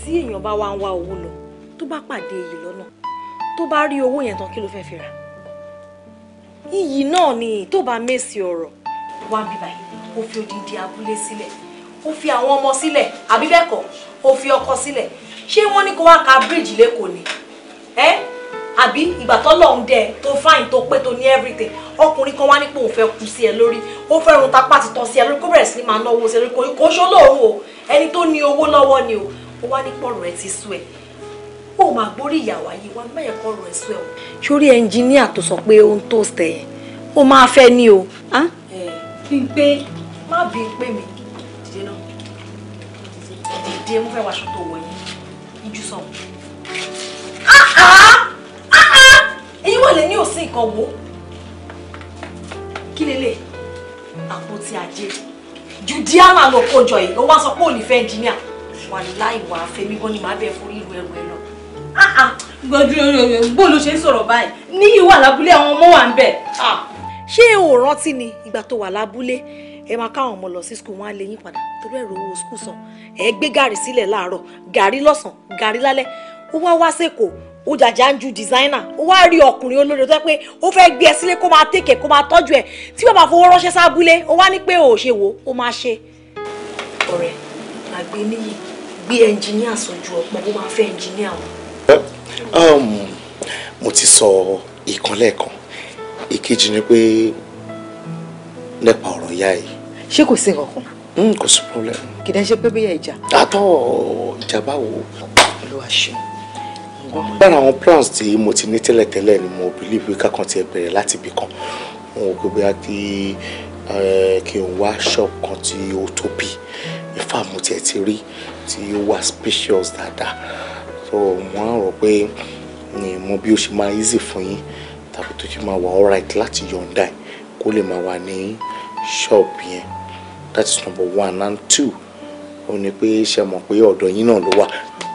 tí èèyàn bá wá ń wá owó lọ tó bá pàdé èyí lọ tó bá rí owó yẹn tán kí ló fẹ́ fi rà iyì náà ni tó bá mèsì ọ̀rọ̀ wá bí báyìí ó fi odindi abúlé sílẹ̀ ó fi àwọn ọmọ sílẹ̀ àbí bẹ́ẹ̀ kọ́ ó fi ọkọ sílẹ̀ ṣé wọ́n ní kó wá ka bíríìjì lẹ́kọ̀ọ́ ni ẹ́ àbí ìgbà tọ́lọ́run dẹ tó fáìn tó pé tó ní everything ọkùnrin kan wá ní pé òun fẹ́ kú sí ẹ lórí ó fẹ́ run tapá ti tọ́ sí ẹ lórí kó bẹ̀rẹ̀ sí máa náwó sí ẹ lórí kò ṣó lóòrùn o ẹni tó ní owó lọ́wọ́ ni o ó wá ní pọ̀rọ̀ ẹ ti sú ẹ ó máa gbórí ìyàwó ayé wa mẹ́yẹ̀ kọ́ ọ̀rọ̀ ẹ̀sùn ẹ̀ o. sórí ẹnjìníà tó sọ pé ó ń tó sẹ̀ ẹ̀ ó máa fẹ́ ni o. ẹ bí n pé má bí n pé mi dìde náà dìde mo fẹ́ wàṣọ tó wọ̀ yìí ijú sàn. èyí wà lè ní òsín nǹkan wo kí lélẹ̀ àpótí ajé jùdíà máa lọ kó jọ yìí ó wá sọ pé ò ní fẹ́ wà láì wà fẹ́mi gan ni màá bẹ̀ fún irú ẹrù ẹrù Ah, ah. gbọ́dúró bó ló ṣe ń sọ̀rọ̀ báyìí níyì wà lábúlé àwọn ọmọ wà ń bẹ̀. Ah. ṣé o rántí ni ìgbà tó wà lábúlé ẹ máa káwọn ọmọ lọ sí skul wọn á lè yín padà torí ẹ̀rọ owó skul san ẹ gbé gàrí sílẹ̀ láàárọ̀ gàrí lọ́sàn gàrí lálẹ́ ó wá wá sẹ́kọ̀ọ́ ó jàjà ń ju designer ó wá rí ọkùnrin olóore tó yẹ pé ó fẹ́ gbé ẹ sílé kó máa tèkè kó máa tọ́jú ẹ tí bàbá fowó ránṣẹ́ sábúlé ó wá ní pé ò ṣe wò ó máa ṣe. ọ̀rẹ́ àgbẹ̀ níyì gbé ẹnjìníà sójú ọpọ́n ó máa fẹ́ ẹnjìníà wọn Um, mo ti sọ ìkan lẹ́ẹ̀kan ìkejì ni pé nípa ọ̀rọ̀ ìyá yìí. ṣé kò sí nǹkan kan. Hmm, kò sí problem. kì í dẹ́ ṣe pé bóyá ìjà. àtọ̀ ìjà báwo. olúwa ṣe lára àwọn plans tí mo ti ní tẹ́lẹ̀tẹ́lẹ̀ ni mo believe pé kákan ti bẹ̀rẹ̀ láti ibì kan mo rò pé bóyá kí eh, kí n wá shop kan tí ó tóbi in tiẹ̀ ti rí tí ó wà spacious dáadáa so mo á rò pé ní mo bí ó ṣe máa easy fún yín tàbí tó ṣe máa wà alright láti yọ̀ǹda ẹ̀ kó lè máa wà ní ṣọ́ọ̀bù yẹn that is number one and two ó ní pé ṣe mọ̀ pé ọ̀dọ̀ yín náà ló wà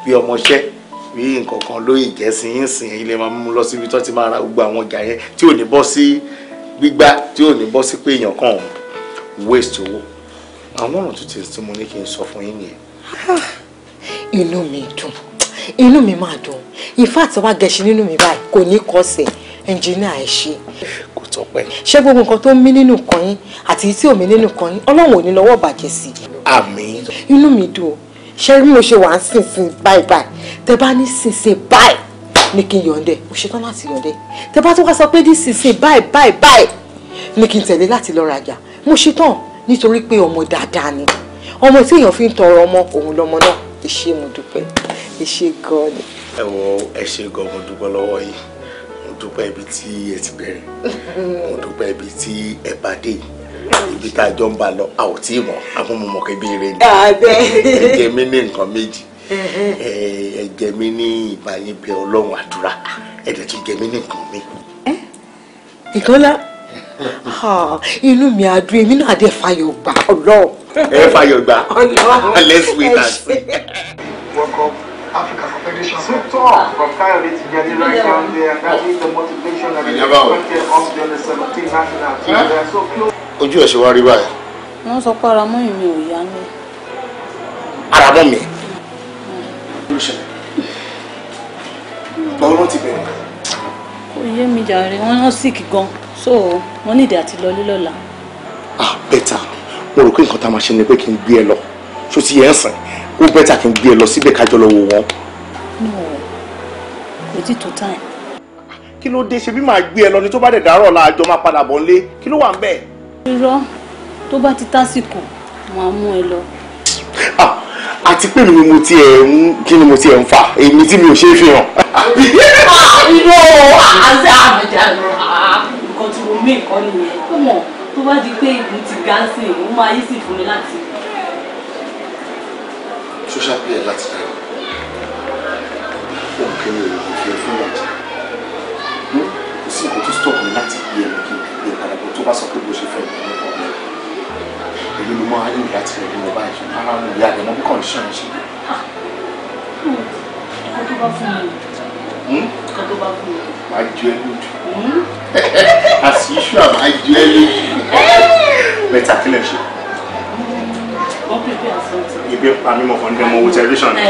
bí ọmọṣẹ́ bí nǹkan kan ló ìjẹ́sìn yín sìn yín lè máa mú lọ síbi tó ti máa ra gbogbo àwọn ọjà yẹn tí ò ní bọ́ sí gbígbá tí ò ní bọ́ sí pé èèyàn kàn waste owó àwọn ọ̀nà tó ti tí mo ní kí n sọ fún yín nìyẹn. Ah, inú mi dùn inú mi máa dùn ìfáàtì wa gẹ̀ṣin nínú mi báyìí kò ní kọsẹ̀ ẹnjìníà ẹ̀ ṣe. kò tọpẹ́. ṣé gbogbo nǹkan tó ń mí nínú kan yín àti tí ò mí nínú kan yín ọlọ́run ò ní lọ́wọ́ bàjẹ́ sí i. àmín. inú mi dùn o ṣé bí mo ṣe wà ń sìnsìn báyìí báyìí tẹ bá ní sìnsìn báyìí ni kí n yọ̀ǹdẹ̀ mo ṣetán láti yọ̀ǹdẹ̀ tẹ bá tún wá sọ pé ní sìnsìn báyìí báyìí báyìí ni kí n tẹ̀lé láti lọ rajà mo ṣetán nítorí pé ọmọ dáadáa ni ọmọ tí èèyàn fi ń tọrọ ọmọ òun lọmọ náà ẹ ṣé mo dúpẹ́ ẹ ṣé gan ni. ẹ wọ ẹ ṣé gan mo dúpẹ́ lọ́wọ́ yìí mo dúpẹ́ ibi tí ẹ ti bẹ̀rẹ̀ mo dúpẹ́ ibi tí ẹ bá dé ibi tá a jọ ń bá lọ a ò tí ì mọ̀ àmọ́ mo mọ̀ kí bí eré ni ẹ jẹ mí ní nǹkan méjì ẹ jẹ mí ní ìbáyín bẹ ọlọ́run àdúrà ẹ dẹ̀ tún jẹ mí ní nǹkan mi. ìkọ́lá inú mi á dùn èmi náà á dẹ̀ fàyọ̀ gbà ọlọ́run ẹ fàyọ̀ gbà let's wait and see. Africa Confederation. Super. From Coyote to Yadira yeah. down there, that is the motivation that is expected us are so close. Ojú ẹ̀ ṣe wá rí báyìí. Wọ́n sọ pé ara mọ́yìn mi ò yá ní. Ara mọ́ mi. Bọ́lá ti bẹ̀rẹ̀. Kò yé mi jàre, wọ́n rán sick gan. So, wọ́n nídìí àti lọ lílọ́la. Ah, better mo rò pé nǹkan tá a máa ṣe ni pé kí n gbé ẹ lọ ṣó ti yẹ ń sìn ó bẹ́tà kí n gbé ẹ lọ síbẹ̀ kájọ lọ wò wọ́n. no kò tí tó time. kí ló dé ṣe bí màá gbé ẹ lọ ni tó bá dẹ̀ dárọ̀ la àjọ máa padà bọ̀ nílé kí ló wà ń bẹ̀. irọ́ tó bá ti tásìkò màá mú ẹ lọ. Ah, àti pé mi mo ti ń kí ni mo ti ń fa èmi tí mi ò ṣe é fi hàn. Ah, irọ́ àti àbẹ̀dẹ̀ àlọ́ nǹkan tí mo mí nǹkan nìyẹn tó bá di pé ikùn ti ga sí i ó máa yí sí fún mi láti. social media láti dára ó ń kéré ìlú kò fi ẹ fún ìyàjẹ hmm? kò sí ìkó tó stop mi láti bí ẹnu kí n gbé padà bó tó bá sọ pé bó ṣe fẹ́ mi ní ọ̀pọ̀ èmi ló mọ ayé ìyá ti rẹ̀ ní ọba ìṣẹ́ ara mi ìyá rẹ̀ mọ́ bí kọ́ńtíṣàn ṣe. ọkọ ah! hmm. tó bá fún mi. Hmm? kan tó bá kú o. má jọ ẹ lójú as usual má jọ ẹ lójú mẹ́ta kílẹ̀ ṣe. wọ́n pè pé àsọ̀tì. ibi àmì mọ̀kàn ń dẹ́mọ̀ owó tẹlifíṣàn ni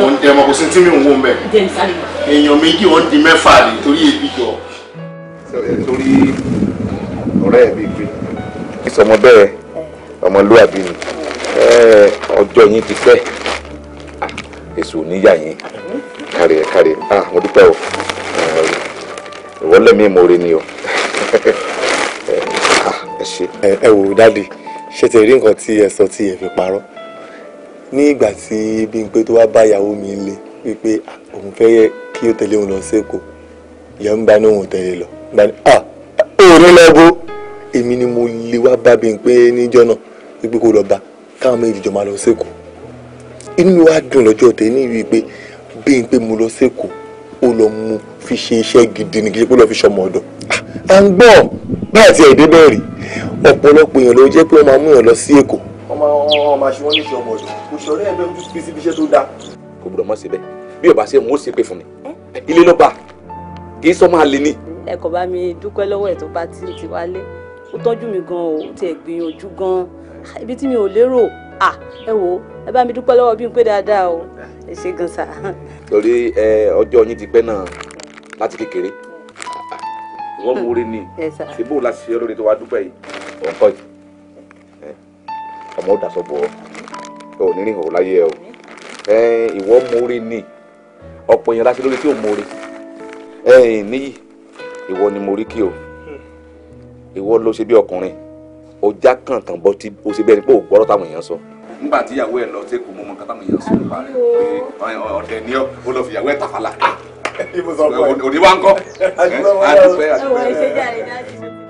wọ́n ń dẹ́mọ̀ kò sí tí mi ń wò ń bẹ̀. èèyàn méjì wọ́n di mẹ́fà ni torí èbí jọ. Eh, torí ọ̀rẹ́ ẹ̀ bíi pé ìsọmọ bẹ́ẹ̀ ọmọlúwàbí ni eh, ọjọ́ yín ti pẹ́ ah, èso níyà yín ẹ̀kárí ẹ̀kárí ah mo dúpẹ́ o eh, ìwọ́lẹ̀ mi ìmoore ni o eh, ah, ẹ ṣe. ẹ wò dáàdi ṣe tẹ̀ rí nǹkan tí ẹ sọ tí ẹ fi parọ́ ní ìgbà tí Bímpé tó wá bá ìyàwó mi lé wípé òun fẹ́ yẹ kí ó tẹ̀lé òun lọ sí Èkó ìyá ń bá ní òun tẹ̀lé lọ bá ní ah òun ní lọ́gbó èmi ni mo lè wá bá Bímpé níjọ́ náà wípé kó lọ bá káwọn méjì jọ máa lọ sí Èkó inú mi wá dùn lọ́jọ́ tẹ̀ ní ìwé pé bẹ́ẹ̀ pé mo lọ sẹ́kọ̀ọ́ ó lọ mú fi ṣe iṣẹ́ gidi ní kíkẹ́ pé ó lọ fi ṣọmọ ọ̀dọ̀ à ń gbọ́ báyà tí ẹ̀dẹ́ bẹ́ẹ̀ rí ọ̀pọ̀lọpọ̀ èèyàn ló jẹ́ pé wọ́n máa mú èèyàn lọ sí Èkó. ọmọ ọmọ máa ṣe wọ́n ní ṣe ọmọ ọ̀dọ̀ kò ṣọ̀rẹ́ ẹ̀ bẹ́ẹ̀ ojú fi síbi iṣẹ́ tó dáa. kò gbọdọ̀ mọ̀ sí bí ọba ṣe mú ó ṣe pé fún mi ilé ló bá kì í sọ máa le ní. ẹ bá mi dúpẹ́ lọ́wọ́ ẹ̀ tó bá ti ti wálé ó tọ́jú mi gan o tiẹ̀ gbìyànjú gan ibi tí mi ò lérò ẹ wò ẹ bá mi dúpẹ́ lọ́wọ́ bí n pé dáadáa o ẹ ṣe gan sa. torí ọjọ́ yín ti pẹ́ náà láti kékeré wọ́n mú orí ni síbò láti ṣe olórí tó wá dúpẹ́ yìí ọ̀pọ̀ yìí ọmọ ó dasọ bọ̀ ọ́ ní rìn láyé ẹ o ìwọ mú orí ni ọ̀pọ̀ èèyàn láti lórí tí ò mú orí níyì ìwọ ni mo rí kí o ìwọ ló ṣe bí ọkùnrin ọjà kàn tàn bọ́ tí o ṣe bẹ́ẹ̀ ni pé ò gbọ́rọ̀ táwọn èèyàn sọ. So nígbà tí ìyàwó ẹ lọ sí kò mọ ọmọ kátà mi yàn nípa rẹ ọdẹ ni ó lọ fi ìyàwó ẹ tàfàlà òní wa ń kọ àdúpẹ́ àdúpẹ́.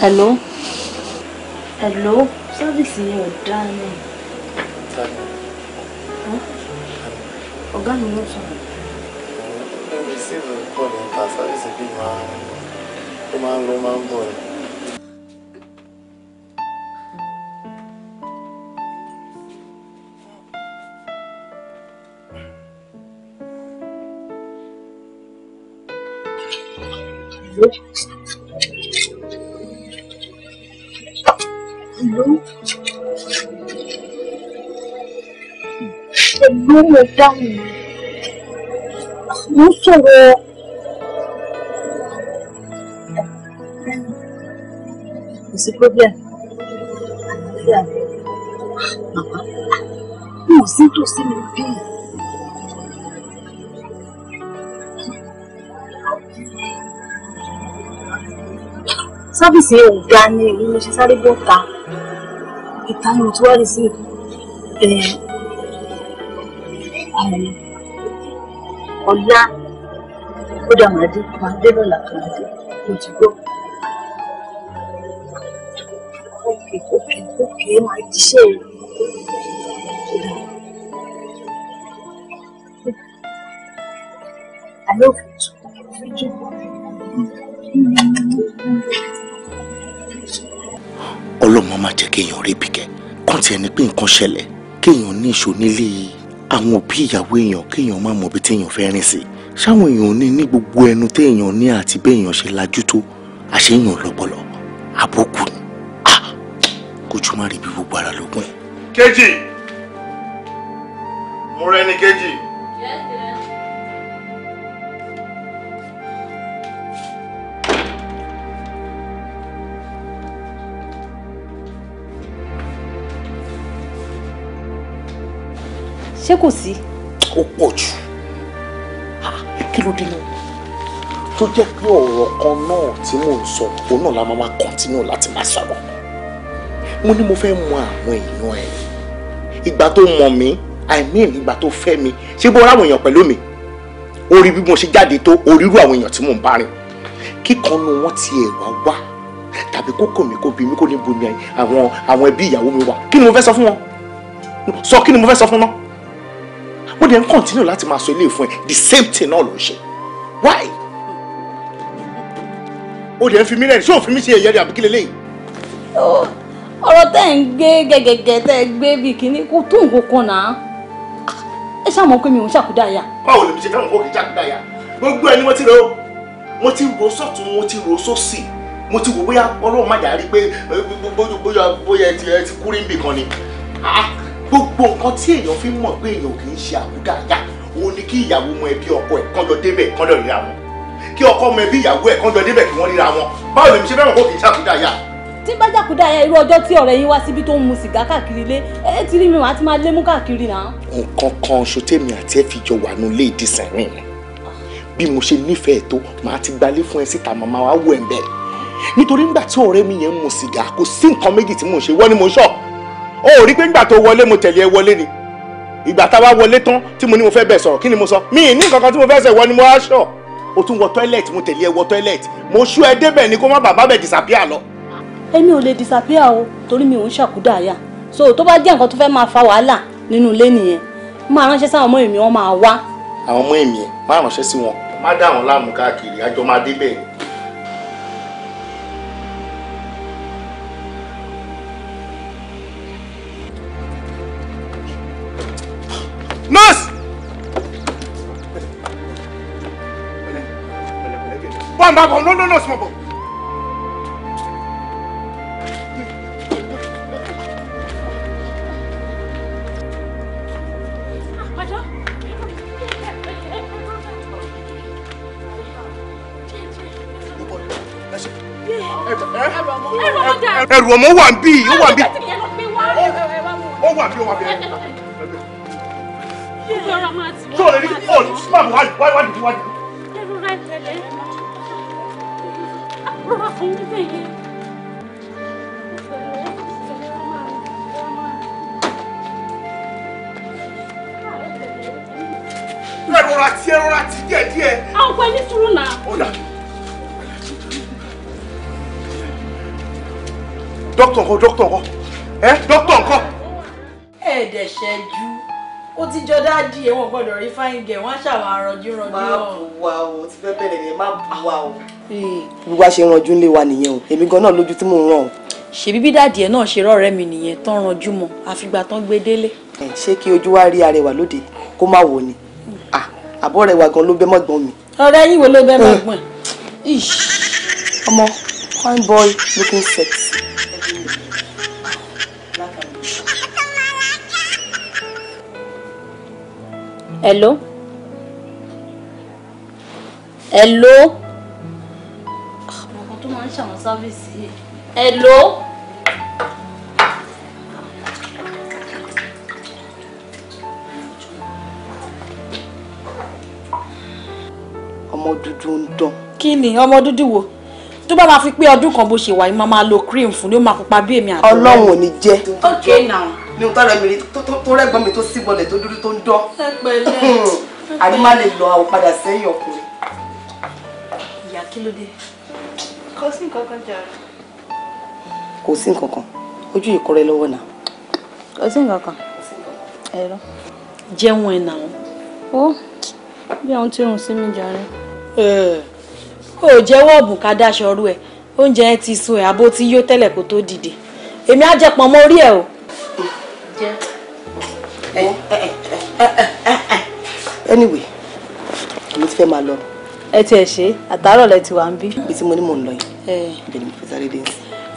Hello? Hello? Sáfíìsì yẹn ò dá ní. Ọ̀gá mi ló sọ. Mo rìsíìfù pọ̀ nípa sáfíìsì bí máa ń ó máa Thank you. Hello? Hello, mo dáhùn. Mo sọ̀rọ̀ kò sí problem. Màmá, mi ò sí mi bí. Sábìsì ò ga ni èyí mo ṣe sáré bọ́ta ìtayọ̀ tí wàá rí sí ọ̀la ó dà máa dé máa dé lọ́la tó máa dé mo ti gbọ́. ókè ókè ọlọ́mọ má jẹ́ kéèyàn rí bìkẹ́ kàn tiẹ̀ ní pé nǹkan ṣẹlẹ̀ kéèyàn ní ìṣó nílé àwọn òbí ìyàwó èèyàn kéèyàn má mọ ibi téèyàn fẹ́ rìn sí ṣáwọn èèyàn ní ní gbogbo ẹnu téèyàn ní àti béèyàn ṣe lajú tó àṣeyàn lọ́pọlọ àbókù ni kójú má rí bí gbogbo ara lógún ẹ̀. kejì mo rẹni kejì. ṣé kò sí. ó pọ̀ jù kí ló dé náà tó jẹ́ pé ọ̀rọ̀ kan náà tí mò ń sọ òun náà la máa máa kọ́ntínú láti máa sọ̀rọ̀ mo ní mo fẹ́ mọ àwọn èèyàn ẹ̀ ìgbà tó mọ̀ mí i mean ìgbà tó fẹ́ mi ṣé bó ráwọn èèyàn pẹ̀lú mi orí bí mo ṣe jáde tó orírú àwọn èèyàn tí mò ń bá rìn kíkanu wọn ti ẹ̀wà wá tàbí kókò mi kò bí mi kò ní bomi àwọn àwọn ẹbí ìyàwó mi wà kí ni mo fẹ́ sọ fún wọn sọ kí ni mo fẹ́ sọ fún wọn mo dẹ̀ ń continue láti máa sọ ilé fún ẹ the same thing náà ló ń ṣe why o dẹ̀ ń fi mí rẹ̀ ṣé o fi mí ṣe ẹ̀yẹ́ rẹ̀ àbí kí leléyìí. ọ̀rọ̀ tẹ́ ń gbé gẹ́gẹ́gẹ́ tẹ́ ń gbé bíi kínní kò tó nǹkan kan náà ẹ ṣáà mọ̀ pé mi ò ń ṣàkúdàáyà. báwo lèmi ṣe fẹ́ràn kó kì í ṣàkúdàáyà gbogbo ẹ ni mo ti rò ó mo ti rò sọ́tún mo ti rò sósì mo ti wò bóyá ọlọ́run má jà rí pé eh, bóyá bóyá ẹ ti kú rí nbì kan ni. Ah, gbogbo nǹkan tí èèyàn fi mọ̀ pé èèyàn kì í ṣe àkúdàáyà òun ni kí ìyàwó mọ ẹbí ọkọ ẹ̀ kán lọ débẹ̀ kán lọ ríra wọn kí ọkọ mọ ẹbí ìyàwó ẹ̀ kán lọ débẹ̀ kí wọ́n ríra wọn báwo lèmi ṣe fẹ́ràn kó kì í ṣàkúdàáyà. tí bá jàkúdàáyà irú ọjọ́ tí ọ̀rẹ́ yín wá síbi tó ń mu sìgá káàkiri lé ẹ ti rí mi màá ti máa lé mú káàkiri náà. nǹkan kan ṣo tèmi àti ẹ fi jọ wà nù lé ìdísẹ̀rìn bí mo ṣe nífẹ̀ẹ́ tó màá ti gbalé o ò rí pé nígbà tó wọlé mo tẹ̀lé ẹ wọlé ni ìgbà tá a wá wọlé tán tí mo ní mo fẹ́ bẹ̀ sọ̀rọ̀ kí ni mo sọ mi ní nǹkan tí mo fẹ́ sẹ̀ wọ ni mo wá o tún wọ toilet mo tẹ̀lé ẹ wọ toilet mo ṣú ẹ débẹ̀ ni kó má bàbá bẹ̀ disappear lọ. èmi ò lè disappear o torí mi ò ń ṣàkúdàáyà so tó bá jẹ́ nǹkan tó fẹ́ máa fa wàhálà nínú ilé nìyẹn máa ránṣẹ́ sáwọn ọmọ èmi wọn máa wá. àwọn ọmọ èmi ẹ máa ránṣẹ́ sí wọn má dà wọn láàmú káàkiri àjọ máa débẹ̀ bá ń bá bọ̀ lọ́nà náà sì mọ̀ bọ̀. ẹrù ọmọ wà ń bí ó wà ń bí ó wà ń bí ó wà ń bí ẹ. Sọ̀rọ̀ rí ọ̀lù máa wá wá wá dìbò wá dìbò. Rọra fún mi bẹ́ẹ̀ yẹn. Rọra ti ẹ rọra ti díẹ̀ díẹ̀. Àwọn ọkọ ẹni sùúrù náà. Ó dà. Dókítà ńkọ́ dókítà ńkọ́ ẹ dókítà ńkọ́. Ẹ̀ẹ́dẹ̀ ṣẹ́jú ó ti jọ dáàdì ẹ̀ wọ́n gbọ́dọ̀ rí fáyín gẹ̀ wọ́n á ṣàwọn arọ̀jú rọ̀jú ọ̀. Má bu wa o, ti fẹ́ bẹ̀rẹ̀ ni má bu wa o bí wàá ṣe ranjú ńlé wa nìyẹn o èmi gan náà lójú tí mò ń ràn o. ṣèbí bí dàdí ẹ náà ṣe rọrẹ mi nìyẹn tán ranjú mọ àfìgbà tán gbé délé. ṣé kí ojú wa rí arẹwà lóde kó má wò ni àbọ̀ rẹ̀ wà gan ló bẹ́ mọ́gbọ́n mi. ọ̀rẹ́ yín wo ló bẹ́ mọ́gbọ́n ọmọ fine boy looking sexy. hello hello ṣàwọn sọ́fíìsì yìí. Hello. ọmọ dúdú ń dán. kí ni ọmọ dúdú wo tó bá máa fi pé ọdún kan bó ṣe wà yìí máa lo cream fún ni ó máa pupa bí èmi àtọ̀rẹ́. ọlọ́run ò ní jẹ́. ok now. mi ò tọrọ mi tó rẹ́gbọ́n mi tó síbọlẹ̀ tó dúdú tó ń dán. ẹ pẹ̀lẹ́. àní má lè lọ àwọn padà sẹ́yìn ọkùnrin. ìyá kí ló dé kò sí nǹkan kan jàre. kò sí nǹkan kan ojú ìkọrẹ́ lọ́wọ́ náà. kò sí nǹkan kan ẹ̀rọ jẹun ẹ̀ náà ó bí àwọn tí òun sí mi jàre. ó jẹ́wọ́ ọ̀bùn ká dáṣọ ọrú ẹ̀ oúnjẹ ẹ ti sun ẹ̀ abó tí yó tẹ́lẹ̀ kó tó dìde èmi á jẹ pọ̀nmọ́ orí ẹ̀ o. anyway mo ti fẹ́ máa lọ ẹ tiẹ̀ ṣe àtàárọ̀ lẹ ti wà ń bí. ibi tí mo ní mò ń lọ yìí ibẹ̀ ni mo fi sáré dé sí.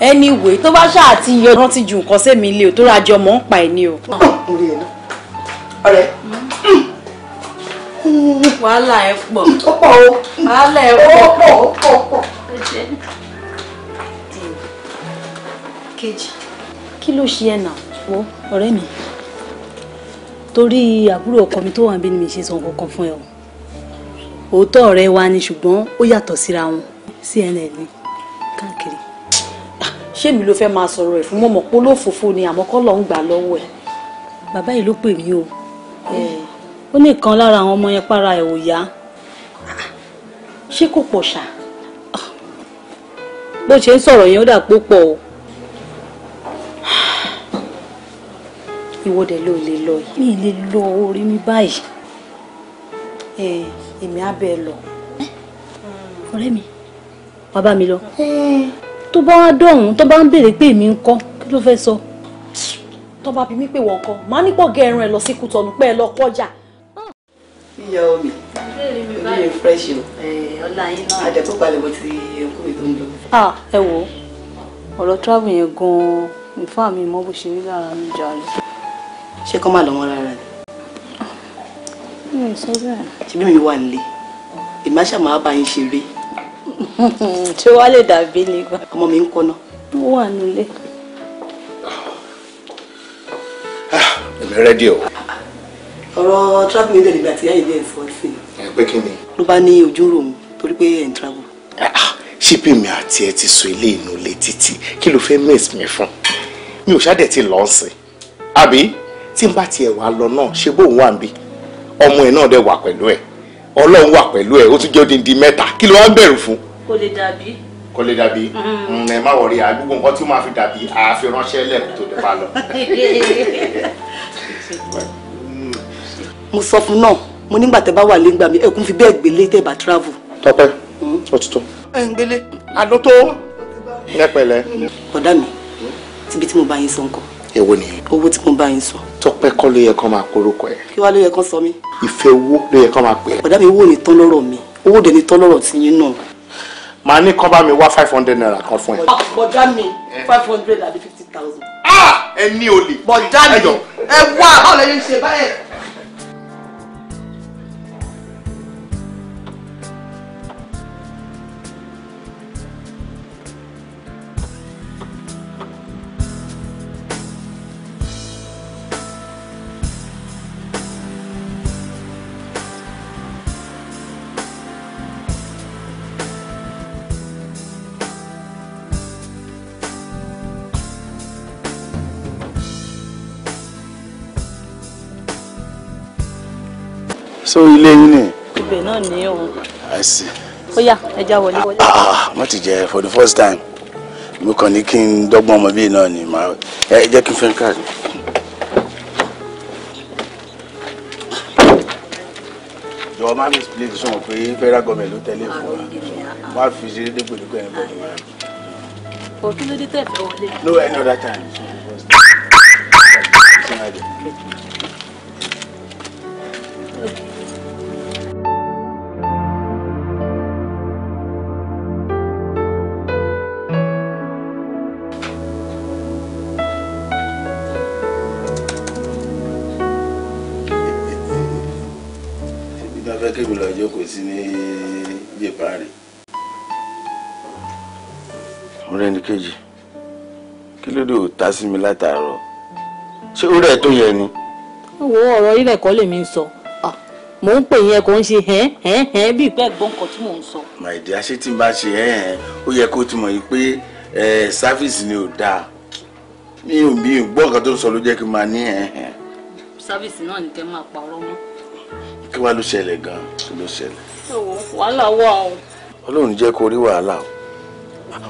anyway tó bá ṣáà ti yọ rántí ju nǹkan sẹ́mi ilé o tó rajọ mọ́ ń pa ẹ̀ ní o. Ah, ọ̀rẹ́ hmm. wàhálà ẹ pọ̀ ó pọ̀ o wàhálà ẹ pọ̀ ó pọ̀ ó pọ̀ ó pọ̀. kejì kí ló ṣe ẹ nà wo ọ̀rẹ́ mi torí àbúrò ọkọ mi tó wà níbí ni mi ṣe sọ nǹkan kan fún ẹ o òótọ́ ọ̀rẹ́ wa ni ṣùgbọ́n ó yàtọ̀ síra wọn cnn ni káàkiri. Ah, ṣé mi ló fẹ́ máa sọ̀rọ̀ ẹ̀ fún mọ̀mọ́ pé ni àmọ́ kọ́ lọ́ọ́ ń gbà lọ́wọ́ ẹ̀. bàbá yìí ló pè mí o ó ní ìkan lára àwọn ọmọ yẹn para ẹ̀ ò yá ah, ṣé kò pọ̀ ṣá. Ah, bó ṣe ń sọ̀rọ̀ yẹn ó dà pé o. ìwọ́dẹ̀ ló lè lọ yìí. mi ì lè lọ orí mi báyìí èmi á bẹ́ẹ̀ lọ. ọ̀rẹ́ mi wàá bá mi lọ. tó bá wá dọ̀hún tó bá ń béèrè pé èmi ń kọ́ kí ló fẹ́ sọ. tó bá bi mí pé wọ́n kọ́ màá ní pọ̀gẹ́ ẹran ẹ̀ lọ sí kùtọ̀nù pé ẹ lọ kọjá. yíyá omi omi yẹn fresh o ọ̀la yín náà àdẹ̀kọ́ balẹ̀ wọ́n ti ẹkú mi tó ń lọ. ẹ wo ọ̀rọ̀ travel yẹn gan-an ìfọ́ àmì ìmọ̀ bó ṣe rí lára mi jà ni. ṣé kọ́ máa lọ mọ́ lára ni tí mi ò yín wà nílé èmi á ṣàmà bá yín ṣeré. ṣé wàá lè dàbí lè gbà. ọmọ mi ń kọ́nà. mo wà nílé. Ah, èmi rẹ́dí o. ọ̀rọ̀ travel nílẹ̀ nígbà tí ayé díẹ̀ fọ́ sí. ẹ pé kí ni. ló bá ní ojú rò mí torí pé ẹ̀ ń travel. Ah, ah, ṣíbí mi àti ẹ ti sọ ilé inú ilé títì kí ló fẹ́ mẹ́s mi fún mi ò ṣáà dẹ̀ ti lọ́ọ́ àbí tí n bá tiẹ̀ wá lọ náà ṣe bóun wà ń ọmọ ẹ̀ náà dẹ̀ wà pẹ̀lú ẹ̀ ọlọ́run wà pẹ̀lú ẹ̀ ó tún jẹ́ odindi mẹ́ta kí ló wá bẹ̀rù fún. kò lè dàbí. kò lè dàbí mm, ẹ má wọrí àdúgbò nǹkan tí ó máa fi dàbí àfi ránṣẹ́ lẹ́kùn tó dẹ́pà lọ. mo sọ fún náà mo nígbà tẹ bá wà lé ń gbà ẹkún fi bẹ́ẹ̀ gbélé tẹ bá travel. tọpẹ mm. òtútù. ẹ ń gbélé àdótó. ní ẹpẹlẹ. mi tíbi bá yín sọ nǹkan èwo nìyẹn. owó tí mo bá yín sọ. tọpẹ kọ́ ló yẹ kán máa korúkọ ẹ. kí wàá ló yẹ kán sọ mí. ìfẹ́ owó ló yẹ kán máa pè é. ọ̀dà mi owó ni tán lọ́rọ̀ mi owó dẹ̀ ni tán lọ́rọ̀ ti yín náà. màá ní kán bá mi wá five hundred naira kan fún ẹ. bọ̀dá mi eh. five hundred àti fifty thousand. Ah! ẹ ní olè. bọ̀dá mi ẹ wá báwo lè ṣe báyẹn. so ilé yín ni. ibẹ̀ náà ni òun. I see. ó yá ẹja wọlé wọlé. wọ́n ah, ah, ah, ti jẹ for the first time mo kàn ní kí n dọ́gbọ́n ọmọ bíi náà ni màá ẹ jẹ́ kí n fẹ́ káàdì. jọ̀wọ́ má mi split sọ̀rọ̀ pé federal government ló tẹ́lẹ̀ fún wa wá fi ṣe dédé pẹ̀lú pẹ̀lú pẹ̀lú wa. òkú ló dé tẹ̀ fẹ́ wọlé. no any other time. ọ̀rẹ́ ní kejì kí ló dé ò ta sí mi látàárọ̀ ṣé ó rẹ̀ tó yẹn ni. wo ọ̀rọ̀ ilẹ̀ kọ́ lèmi ń sọ ah, mò ń pè yẹn kò ń ṣe hẹ́n hẹ́n hẹ́n bí ìpẹ́ gbọ́n kan tí mò ń sọ. màìdí aṣẹ́ tí n bá ṣe hẹ́n hẹ́n ó yẹ kó ti mọ̀ yìí pé sáfíìsì ni ò dáa mi ò mi ò gbọ́ nǹkan tó ń sọ ló jẹ́ kí n máa ní hẹ́n hẹ́n. sáfíìsì náà ni kẹ́ máa pa mọ́. kí wàá ló ṣẹlẹ̀ gan-an ló ṣẹlẹ̀. wàhálà wà o. ọlọ́run jẹ́ kó rí wàhálà o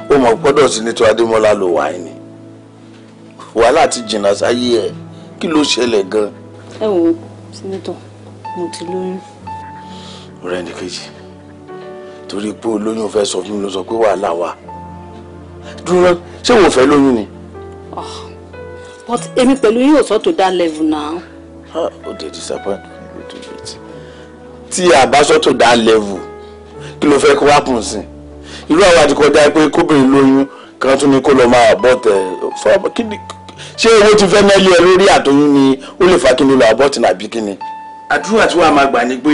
o mọ̀ gbọ́dọ̀ sí ní tó adémọ́lá ló wà ní wàhálà ti jìnnà sáyé ẹ̀ kí ló ṣẹlẹ̀ gan. ẹ wo sínítọ̀ mo ti lóyún. ọ̀rẹ́ ní kejì torí pé olóyún fẹ́ sọ fún mi ló sọ pé wàhálà wà dúró ṣé wò fẹ́ lóyún ni. Ah, but èmi pẹ̀lú yóò sọ tó dá level náà. ó dé disappoint me a little bit tí àbáṣọ tó dá level kí ló fẹ́ kó wá pùn sí i irú àwọn àdìkọjá pé kóbìnrin lóyún kan tún ní kó lọ máa bọ́ tẹ̀ fọ́ kí ṣé owó ti fẹ́ mẹ́lẹ́ ẹ lórí àtọyún ni ó lè fa kí ni lọ abọ́ tì nàbí kí ni. àdúrà tí wàá máa gbà ni pé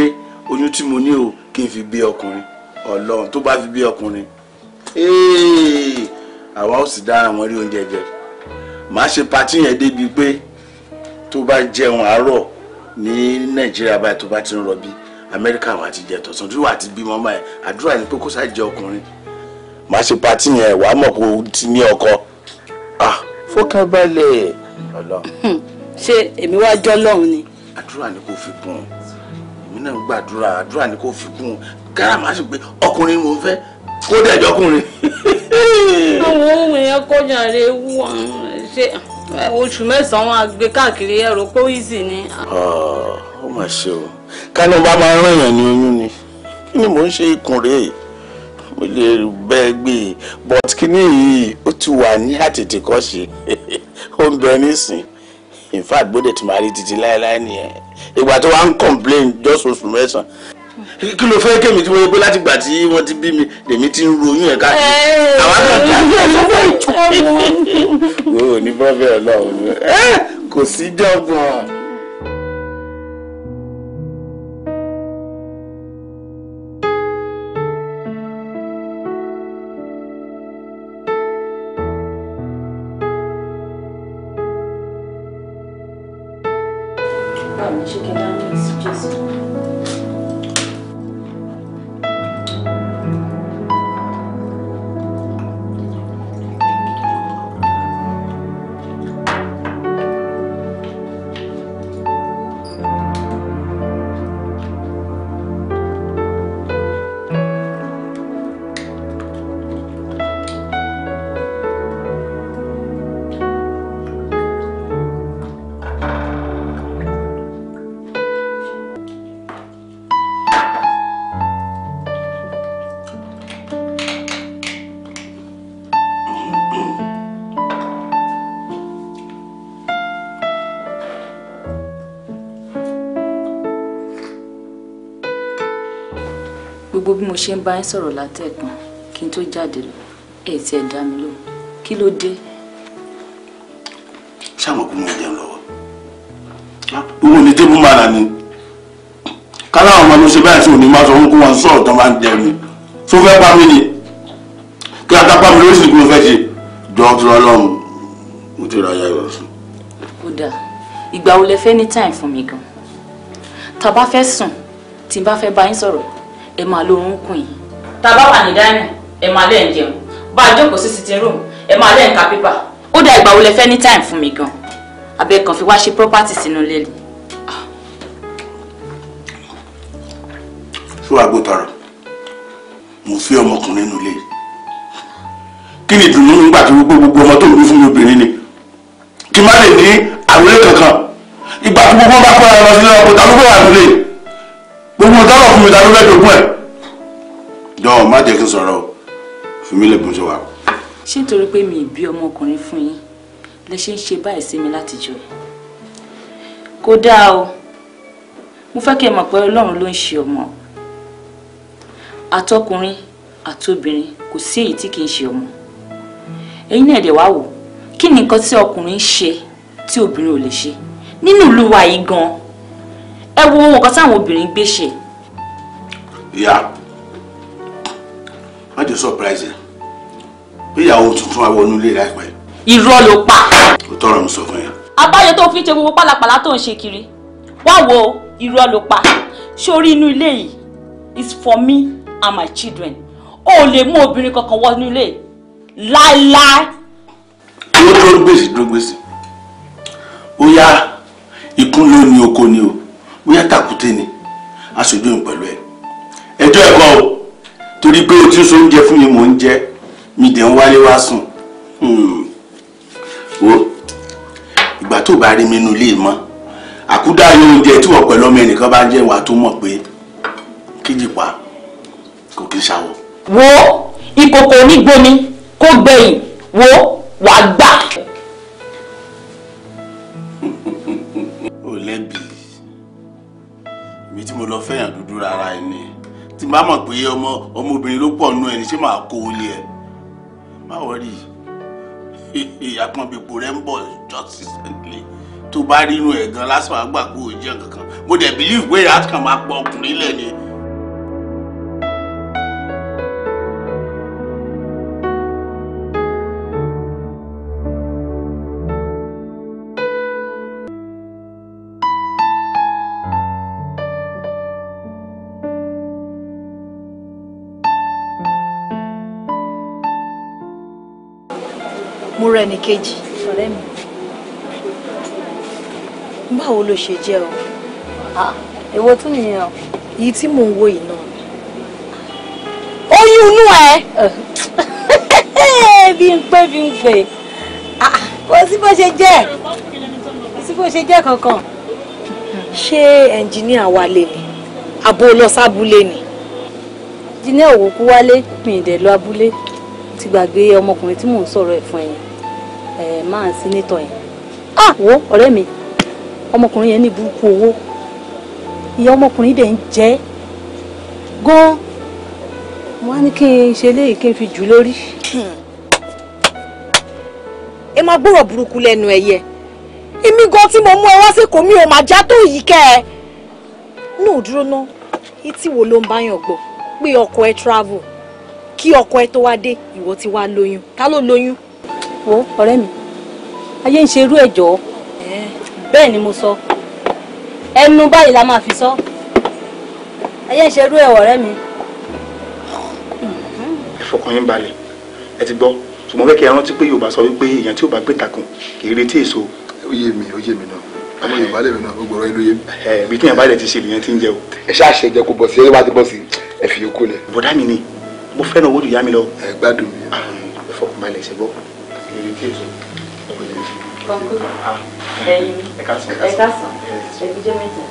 oyún tí mo ní o kí n fi bí ọkùnrin ọlọ́run tó bá fi bí ọkùnrin àwa ó sì dára wọn rí oúnjẹ jẹ màá ṣe patí yẹn débi pé tó bá jẹun àárọ̀ ní nàìjíríà báyìí tó bá ti ń rọbí amẹ́ríkà wa ti jẹ tọ̀sán tí wà ti bímọ ọmọ ẹ̀ àdúrà ni pé kó sáà jẹ ọkùnrin. má ṣe patí yẹn wàá mọ̀ kó o ti ní ọkọ. fọkànbalẹ̀ ọlọ. ṣé èmi wá jọ́ lọ́hùn ni. àdúrà ni kò fi kún un èmi náà gbàdúrà àdúrà ni kò fi kún un kára má ṣe pé ọkùnrin mo fẹ́ kó dẹ̀ jọkùnrin. àwọn ohun èèyàn kọjá rẹ wú ṣe oṣù mẹ́sàn-án wọn àgbẹ̀ káàkiri ẹ̀rọ pé ó ni. ọ ọ mà ṣe o kánú bá máa ràn yàn ní oyún ni kí ni mò ń ṣe ikùn rèé mo lè bẹ gbé e but kíní yìí ó ti wà ní àtètè kọ́ ṣe ó ń bẹ nísìn in fact gbọ́dọ̀ tí màá rí títí láéláé nìyẹn ìgbà tó wà ń complain just oṣù mẹ́sàn-án kí ló fẹ́ kémi tí mo yẹ pé láti gbà tí wọ́n ti bí mi lèmi ti ń ro oyún ẹ̀ káàkiri àwọn akẹ́kọ̀ọ́ kí ẹ sọ́kọ̀ ìtúkọ̀. o ò ní bọ́ọ̀bù ẹ̀ lọ́wọ́ kò sí jọ́gbọ̀n. past. ṣe ń bá yín sọ̀rọ̀ látẹ̀kùn kí n tó jáde lọ ẹ̀ tí ẹ̀ dá mi lò kí ló dé. ṣáàmùkú mú ìjẹun lọ́wọ́ òun ni tébù mara ni kálá àwọn ọmọ ló ṣe báyìí tí òní máa sọ fún kó wọn sọ̀rọ̀ tó máa ń jẹun ni tó fẹ́ pa mí ni kí adápá mi lóríṣìí kí mo fẹ́ ṣe jọ tó lọ́rùn mo ti ra ayá ìwọ̀sùn. ó dáa ìgbà wo lẹ fẹ́ ní time fún mi gan-an fẹ́ sùn tí n bá fẹ́ bá yín sọ̀rọ̀ ẹ máa lórun kùn yìí tá a bá wà ní dáìnì ẹ máa lẹ́ẹ̀ jẹun bá a jókòó sí sitting room ẹ máa lẹ́ẹ̀ ka pépà. ó dá ìgbà wo lẹ fẹ́ ní time fún mi gan abẹ́ kan fi wá ṣe property sínú ilé ni. ṣó àgbo tọrọ mo fi ọmọkùnrin nínú ilé kí ni ìdùnnú nígbà tí gbogbo gbogbo ọmọ tó ń bí fún mi obìnrin ni kí má lè ní àwílé kankan ìgbà tí gbogbo bá kọ́ra lọ sílé ọkọ̀ tàbí kó wà nílé gbogbo ọ̀dọ́rọ̀ fún mi ta ló fẹ́ dogun ẹ̀. jọ̀ọ́ má jẹ́ kí n sọ̀rọ̀ fún mi lè bùn ṣe wà. ṣé nítorí pé mi ì bí ọmọkùnrin fún yín lẹ ṣe ń ṣe báyìí sí mi látijọ́ kó dáa o mo fẹ́ kí ẹ mọ̀ pé ọlọ́run ló ń ṣe ọmọ àtọkùnrin àtobìnrin kò sí èyí tí kì í ṣe ọmọ ẹ̀yin náà dẹ̀ wá wò kí ni nǹkan tí ọkùnrin ń ṣe tí obìnrin ò lè ṣe nínú ìlú wa yìí gan-an ẹ wo nǹkan táwọn obìnrin gbé ṣe. ìyá má jẹ́ surprise pé ìyàwó tuntun wa wọnú ilé láìpẹ́. irọ́ ló pa. ó tọrọ mi sọ fún yẹn. abáyọ tó fi ń ṣe gbogbo pálapàla tó ń ṣe kiri wá wo irọ́ ló pa sórí inú ilé yìí is for me and my children o ò lè mú obìnrin kankan wọnú ilé láéláé. ó dúró gbèsè dúró gbèsè bóyá ikú ló ní oko ni o bóyá tàkúté ni aṣojú mi pẹ̀lú ẹ̀ ẹjọ́ ẹ̀kọ́ o torí pé o ti ń so oúnjẹ fún mi mò ń jẹ mi dẹ̀ ń wálé wá sùn hmm. wo ìgbà tó bá rí mi nu ilé mọ́ àkúdá yóò oúnjẹ tí wọ́n pẹ̀lú ọmọ ẹnìkan bá jẹ́ wàá tó mọ̀ pé kíjì pa kò kí ń ṣàwọ̀. wo ìkòkò onígbóni kó gbẹ̀yìn wo wàá gbà. mo lọ fẹ́yàn dúdú rárá ẹ ni tí bá mọ̀ pé ọmọ ọmọbìnrin ló pọ̀ nú ẹni ṣé màá kó o lé ẹ má wọrí àpọ̀nbìpò rẹ ń bọ̀ justice ẹ̀dínlẹ̀ tó bá rí inú ẹ̀ gan lásán àgbà pé ò jẹ́ kankan mo dẹ̀ believe pé àtúkàn máa pọ̀ ọkùnrin lẹ́ni. àbúrò ẹnì kejì ọ̀rẹ́ mi báwo ló ṣe jẹ́ o èwo tún nìyẹn o èyí tí mò ń wo yìí náà oyún inú ẹ bí n pé bí n pè kò sí bó ṣe jẹ́ kò bó ṣe jẹ́ kankan ṣé ẹnjìníà wálé ni àbò lọ sábúlé ni. ẹnjìníà òwòkú wálé mi lọ abúlé ti gbàgbé ọmọkùnrin tí mò ń sọ̀rọ̀ ẹ̀ fún ẹ̀yìn máa sínétọ̀ yẹn ah wo ọ̀rẹ́ mi ọmọkùnrin yẹn ní burúkú owó ìyá ọmọkùnrin dẹ̀ ń jẹ́ gan wọn á ní kí n ṣe léyìí kí n fi jù lórí. ẹ máa gbọ́rọ̀ burúkú lẹ́nu ẹ̀yẹ èmi gan tí mo mú ẹ wá sí kò mí ò máa já tó yìí kẹ́ ẹ. ní òdúró náà etí wo ló ń bá yàn gbọ́ pé ọkọ ẹ travel kí ọkọ ẹ tó wá dé ìwọ ti wá lóyún ta ló lóyún wo ọ̀rẹ́ mi ayé ń ṣerú ẹ̀jọ́ bẹ́ẹ̀ ni mo sọ ẹnu báyìí la máa fi sọ ayé ń ṣerú ẹ̀ ọ̀rẹ́ mi. ìfọkàn yín balẹ̀ ẹ ti gbọ́ ṣùgbọ́n bẹ́ẹ̀ kí ẹ rántí pé Yorùbá sọ wípé èèyàn tí ò bá gbé takùn kì í retí èso. ó yé mi ó yé mi náà ọmọ Yorùbá lèmi náà ó gbọ́rọ̀ ìlú yé mi. ibi tí Yorùbá lè ti ṣe lèyàn ti ń jẹ o. ẹ ṣáà ṣe jẹ kó bọ̀ sí ẹ bá ti bọ̀ sí ẹ fi yòókù lẹ. bọ̀dá mi ni mo fẹ́ràn owó dùn yá mi lọ. ẹ gbádùn mi. ìfọkànbalẹ̀ ah, ṣe gbọ́ kọ́ńkú ah. ẹ̀yin ẹ̀ka sàn ẹ̀bíjẹ́ mẹ́ta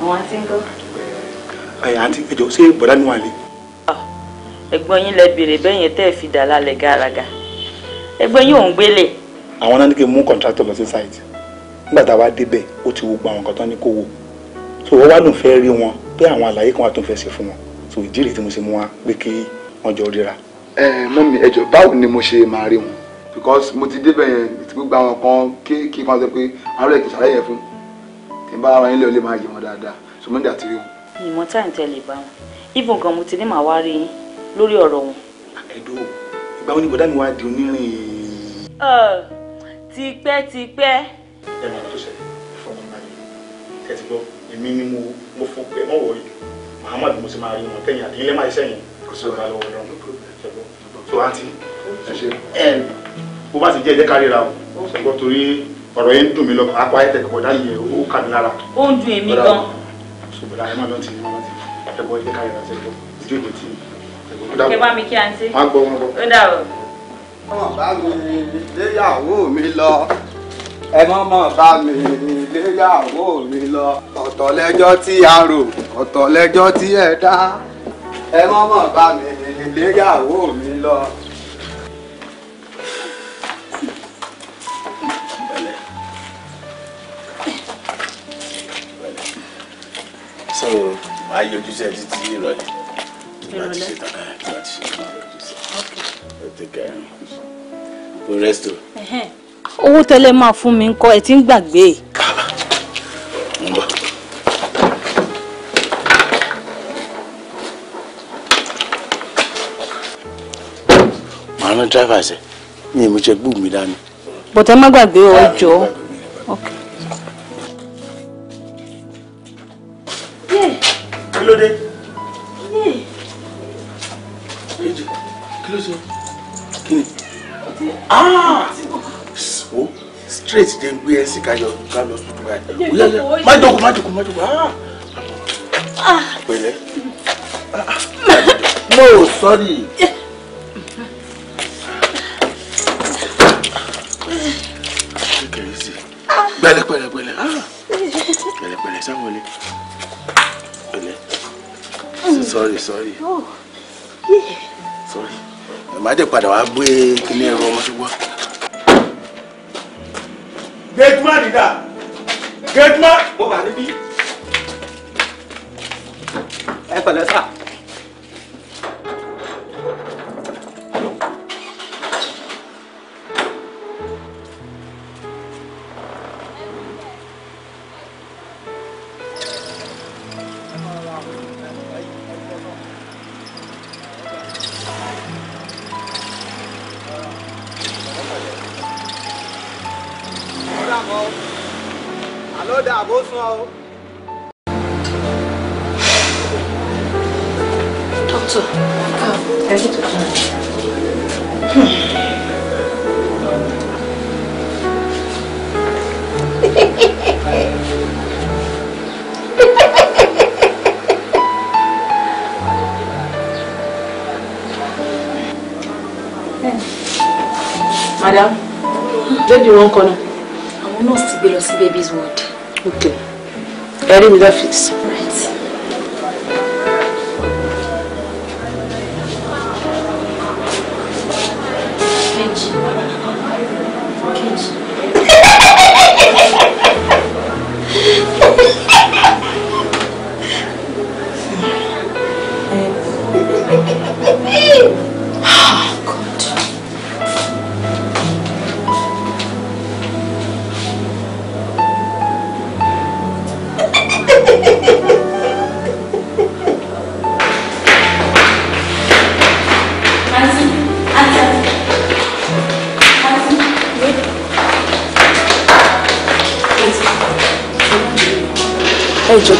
àwọn àti ń kọ́. ẹ̀yà àti ẹ̀jọ̀ ṣé bọ̀dá ni wà lé. Ah, ẹ̀gbọ́n yín lẹ béèrè bẹ́ẹ̀ yẹn tẹ́ fi dà lálẹ́ gàràgà ẹ̀gbọ́n yín ò ń gbélé. àwọn náà ní kí n mú kọ̀ǹtrátọ̀ lọ sí sáìtì nígbà táwa débẹ̀ ó ti wo gba àwọn nǹkan tán ní kó wò so wọ́n wá lóun fẹ́ rí wọn pé àwọn àlàyé kan wà tó ń fẹ́ ṣe fún wọn so ìdí rèé tí mo ṣe mú wa pé kí wọ́n jọ ríra. Eh, ẹ mọ́mí ẹjọ́ báwo ni mo ṣe máa rí wọn because mo ti débẹ̀ yẹn ti gbogbo àwọn kan kéèké kan sọ pé àárọ̀ èkìtì àlẹ́ yẹn fún tí n bá ara yín lé ọ lè máa yè wọn dáadáa so mo ń dà tiri wọn. ìmọ̀ táyà ń tẹ̀lé bá wọn even gan mo ti ní màá wá rí yín lórí ọ̀rọ̀ wọn. ẹ̀dọ́ ìgbà wo ni bọ̀dá mi wá di onírin. tipẹ́tipẹ́. ẹ máa tó ṣẹlẹ̀ fọkàn náà yìí tẹ̀sí gbọ́ èmi ni mo mo fọ pé mọ̀ wọ̀nyí Muhammad mo ti máa rí wọn kẹ́yìn àdéhìlẹ́ máa ṣẹ́yìn kò sí ọ̀gá lọ́wọ́ bó bá sì jẹ́ ẹ̀jẹ̀ káríra o ṣùgbọ́n torí ọ̀rọ̀ yẹn ń dùn mí lọ akọ ayẹ́tẹ̀ kọ̀ọ̀dá yẹn ó kà mí lára. ó ń dùn èmi gan. ṣùgbọ́n láyé má lọ tì í má lọ tì í ẹ̀gbọ́n ẹ̀jẹ̀ káríra ojú ìgbè tì í. kẹ bá mi kí àǹtí. má gbọ́ wọn gbọ́. ó dà o. ọmọ bá mi léyàwó mi lọ ẹ mọ́ mọ́ bá mi léyàwó mi lọ ọ̀tọ̀ lẹ́jọ́ tí a rò ọ̀tọ̀ lẹ́jọ́ tí ẹ dá ẹ mọ́ mọ́ bá mi léyàwó mi lọ so máa yọjú sí ẹ títí ìrọ̀lẹ́ láti ṣe tán láti ṣe tán yọjú sí ẹ tẹ kẹrin kò rẹ́sítò. owó tẹ́lẹ̀ máa fún mi ńkọ́ ẹ ti ń gbàgbé. kàbà ń bọ̀. màá rán dráìvà ṣe ní ìmúṣẹ gbùmí dání. bọ̀tẹ́ má gbàgbé ah, ọjọ́. okay. ló dé. ejò kí ló ṣe kí ni ah! so straight dey gbé ẹ sí kájọ ká lọ tuntun báyìí ó yá yá má jókòó má jókòó má jókòó ah! Ah! pẹ̀lẹ́ no sorry. pẹ̀lẹ́ pẹ̀lẹ́ pẹ̀lẹ́ pẹ̀lẹ́ pẹ̀lẹ́ sáwọn ilé. Mm. sorry sorry oh, sorry màá dé padà wàá gbé kíní ẹ̀rọ ọmọ tó wá. gẹ́tùmá dídà gẹ́tùmá. mo wà níbí. ẹ pẹ̀lẹ́ sà. o. dókítà ẹ rí ìtọ́jú náà. Madam, lady wọn kọ náà. Àwọn nọ́ọ̀sì ti gbé lọ sí baby's ward. Ok. Ele me dá força.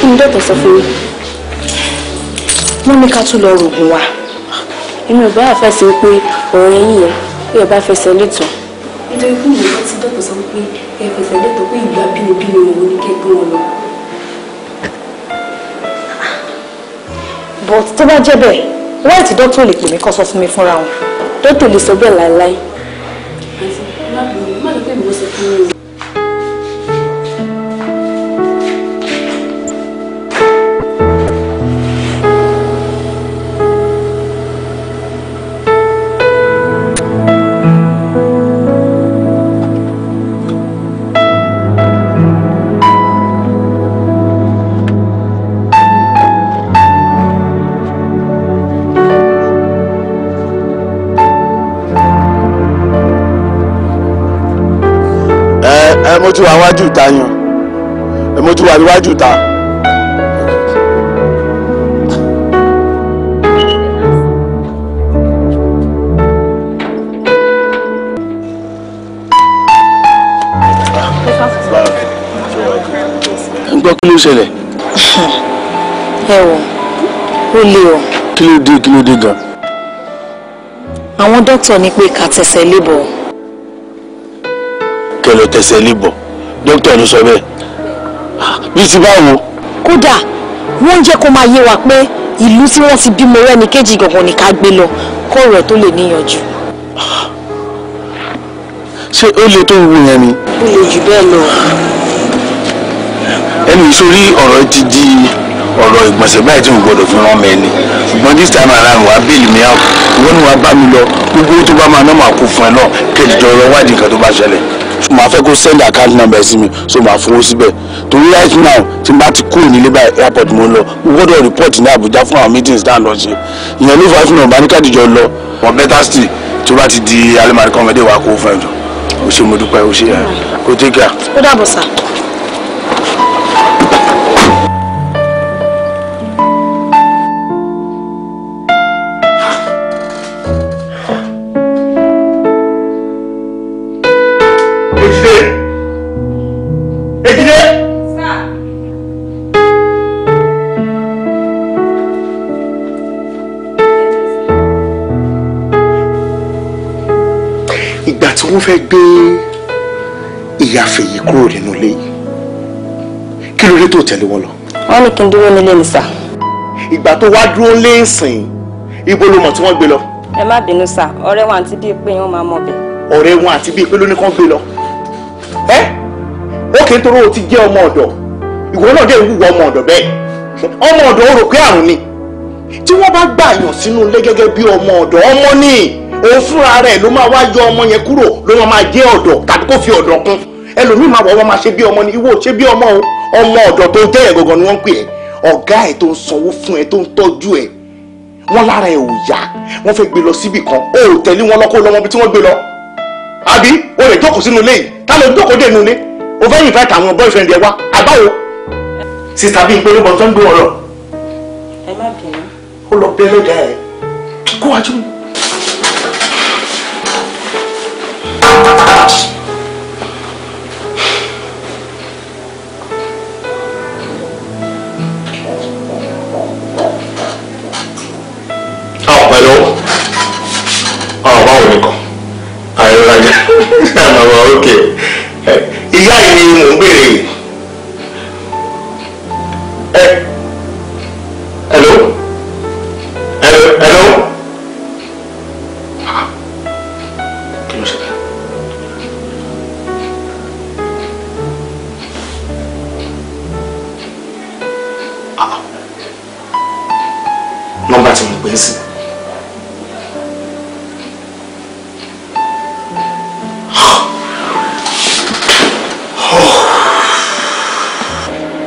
kí ni dọ́tà sọ fún mi wọ́n ní ká tún lọ rògùn wa èmi ò bá àfẹsẹ̀ pé ọ̀rọ̀ ẹ̀yìn yẹn bí ẹ bá fẹsẹ̀ létàn. nítorí pé ìwé tí dọ́tà sọ pé ẹ fẹsẹ̀ létàn pé ìlú abínibíni òun ní kẹ́gbẹ́ wọn lọ. but tó bá jẹ́ bẹ́ẹ̀ láìtí dọ́tà ò lè pè mí kọ́ sọ fún mi fúnra wọn dọ́tà lè sọ bẹ́ẹ̀ láéláé. àti má lè pè mí níwájú ìta yẹn èmo ti wà níwájú ìta. ń gbọ́ kí ló ṣẹlẹ̀. ẹ wò ó le o. kí ló dé kí ló dé gan. àwọn dókítà ní pé ká tẹsẹ̀ lébọ̀. kẹ́ tẹsẹ̀ lébọ̀ dókítà ló sọ bẹ́ẹ̀ bí ti báwo. kódà wọ́n ń kó máa yé wa pé ìlú tí wọ́n ti bímọ rẹ́ni kejì gangan ni ká gbé lọ kọ́rọ̀ ẹ̀ tó lè níyanjú. ṣé ó le tó wù yẹn ni. ó le jù bẹ́ẹ̀ lọ. ẹni sórí ọ̀rọ̀ ti di ọ̀rọ̀ ìgbọ̀nsẹ̀ báyìí tí mo gbọ́dọ̀ fi rán mi ẹni ṣùgbọ́n this time around wàá bẹ́ẹ̀lì mi out ìwọ́n ni wàá bá mi lọ gbogbo tó bá máa ná màá kó fún ẹ náà kejì jọ ọ̀rọ̀ wádìí kan tó bá ṣẹlẹ̀ màá fẹ́ kó send account number sí mi so màá fowó síbẹ̀ To right now tí n bá ti kúrò nílé báyìí airport mo ń lọ mo gbọ́dọ̀ report ní Àbújá fún àwọn meetings tá à ń lọ ṣe ìyẹn ló fà á fún ọ̀bá ní kádìjọ lọ but better still tó bá ti di alimari kan fẹ́ dé wàá kó fún ẹ̀jọ̀ o ṣe mo dúpẹ́ o ṣe ẹ̀ kó take care. ó dàbọ̀ sá. fẹ́ gbé ìyá fèyí kúrò nínú ilé yìí kí ló dé tó tẹ̀lé wọn lọ. wọ́n ní kí n dúró nílé ni sà. ìgbà tó wá dúró lé ìsìn ibo ló mọ̀ tí wọ́n gbé lọ. ẹ má bínú sà ọ̀rẹ́ wọn àti bíi pé wọ́n máa mọ̀ bẹ́ẹ̀. ọ̀rẹ́ wọn àti bíi pé ló ní kán gbé lọ. ẹ ó kì í toró o ti jẹ́ ọmọ ọ̀dọ̀ ìwọ náà dé ìwúwo ọmọ ọ̀dọ̀ bẹ́ẹ̀ ọmọ ọ̀dọ̀ ó rò pé àrùn ni tí wọ́n bá gbà yàn sínú ilé gẹ́gẹ́ bí ọmọ ọ̀dọ̀ ọmọ nìyí òun fúnra rẹ̀ ló máa wá yọ ọmọ yẹn kúrò ló máa máa jẹ́ ọ̀dọ̀ tàbí kó fi ọ̀dọ̀ kún ẹlòmíì máa wọ́n máa ṣe bí ọmọ ni ìwọ ò ṣe bí ọmọ o ọmọ ọ̀dọ̀ tó jẹ́ yẹn gangan ni wọ́n ń pè ẹ́ ọ̀gá ẹ̀ tó ń sanwó fún ẹ tó ń tọ́jú ẹ wọ́n lára ẹ̀ ò yá wọ́n fẹ́ gbé lọ síbì kan ó tẹ̀lé wọn lọ́kọ́ lọ́mọ bí tí wọ́n gbé lọ àbí o lè jókòó sínú ilé yìí ta ló jókòó dé nulẹ̀ o fẹ́ invite àwọn boyfriend ẹ wá àbáwo sista bíi pé ló bọ́ tó ń ẹ má bínú. ó lọ bẹ́ẹ̀ lọ́dà ẹ̀ kó wájú mi. pè é sí.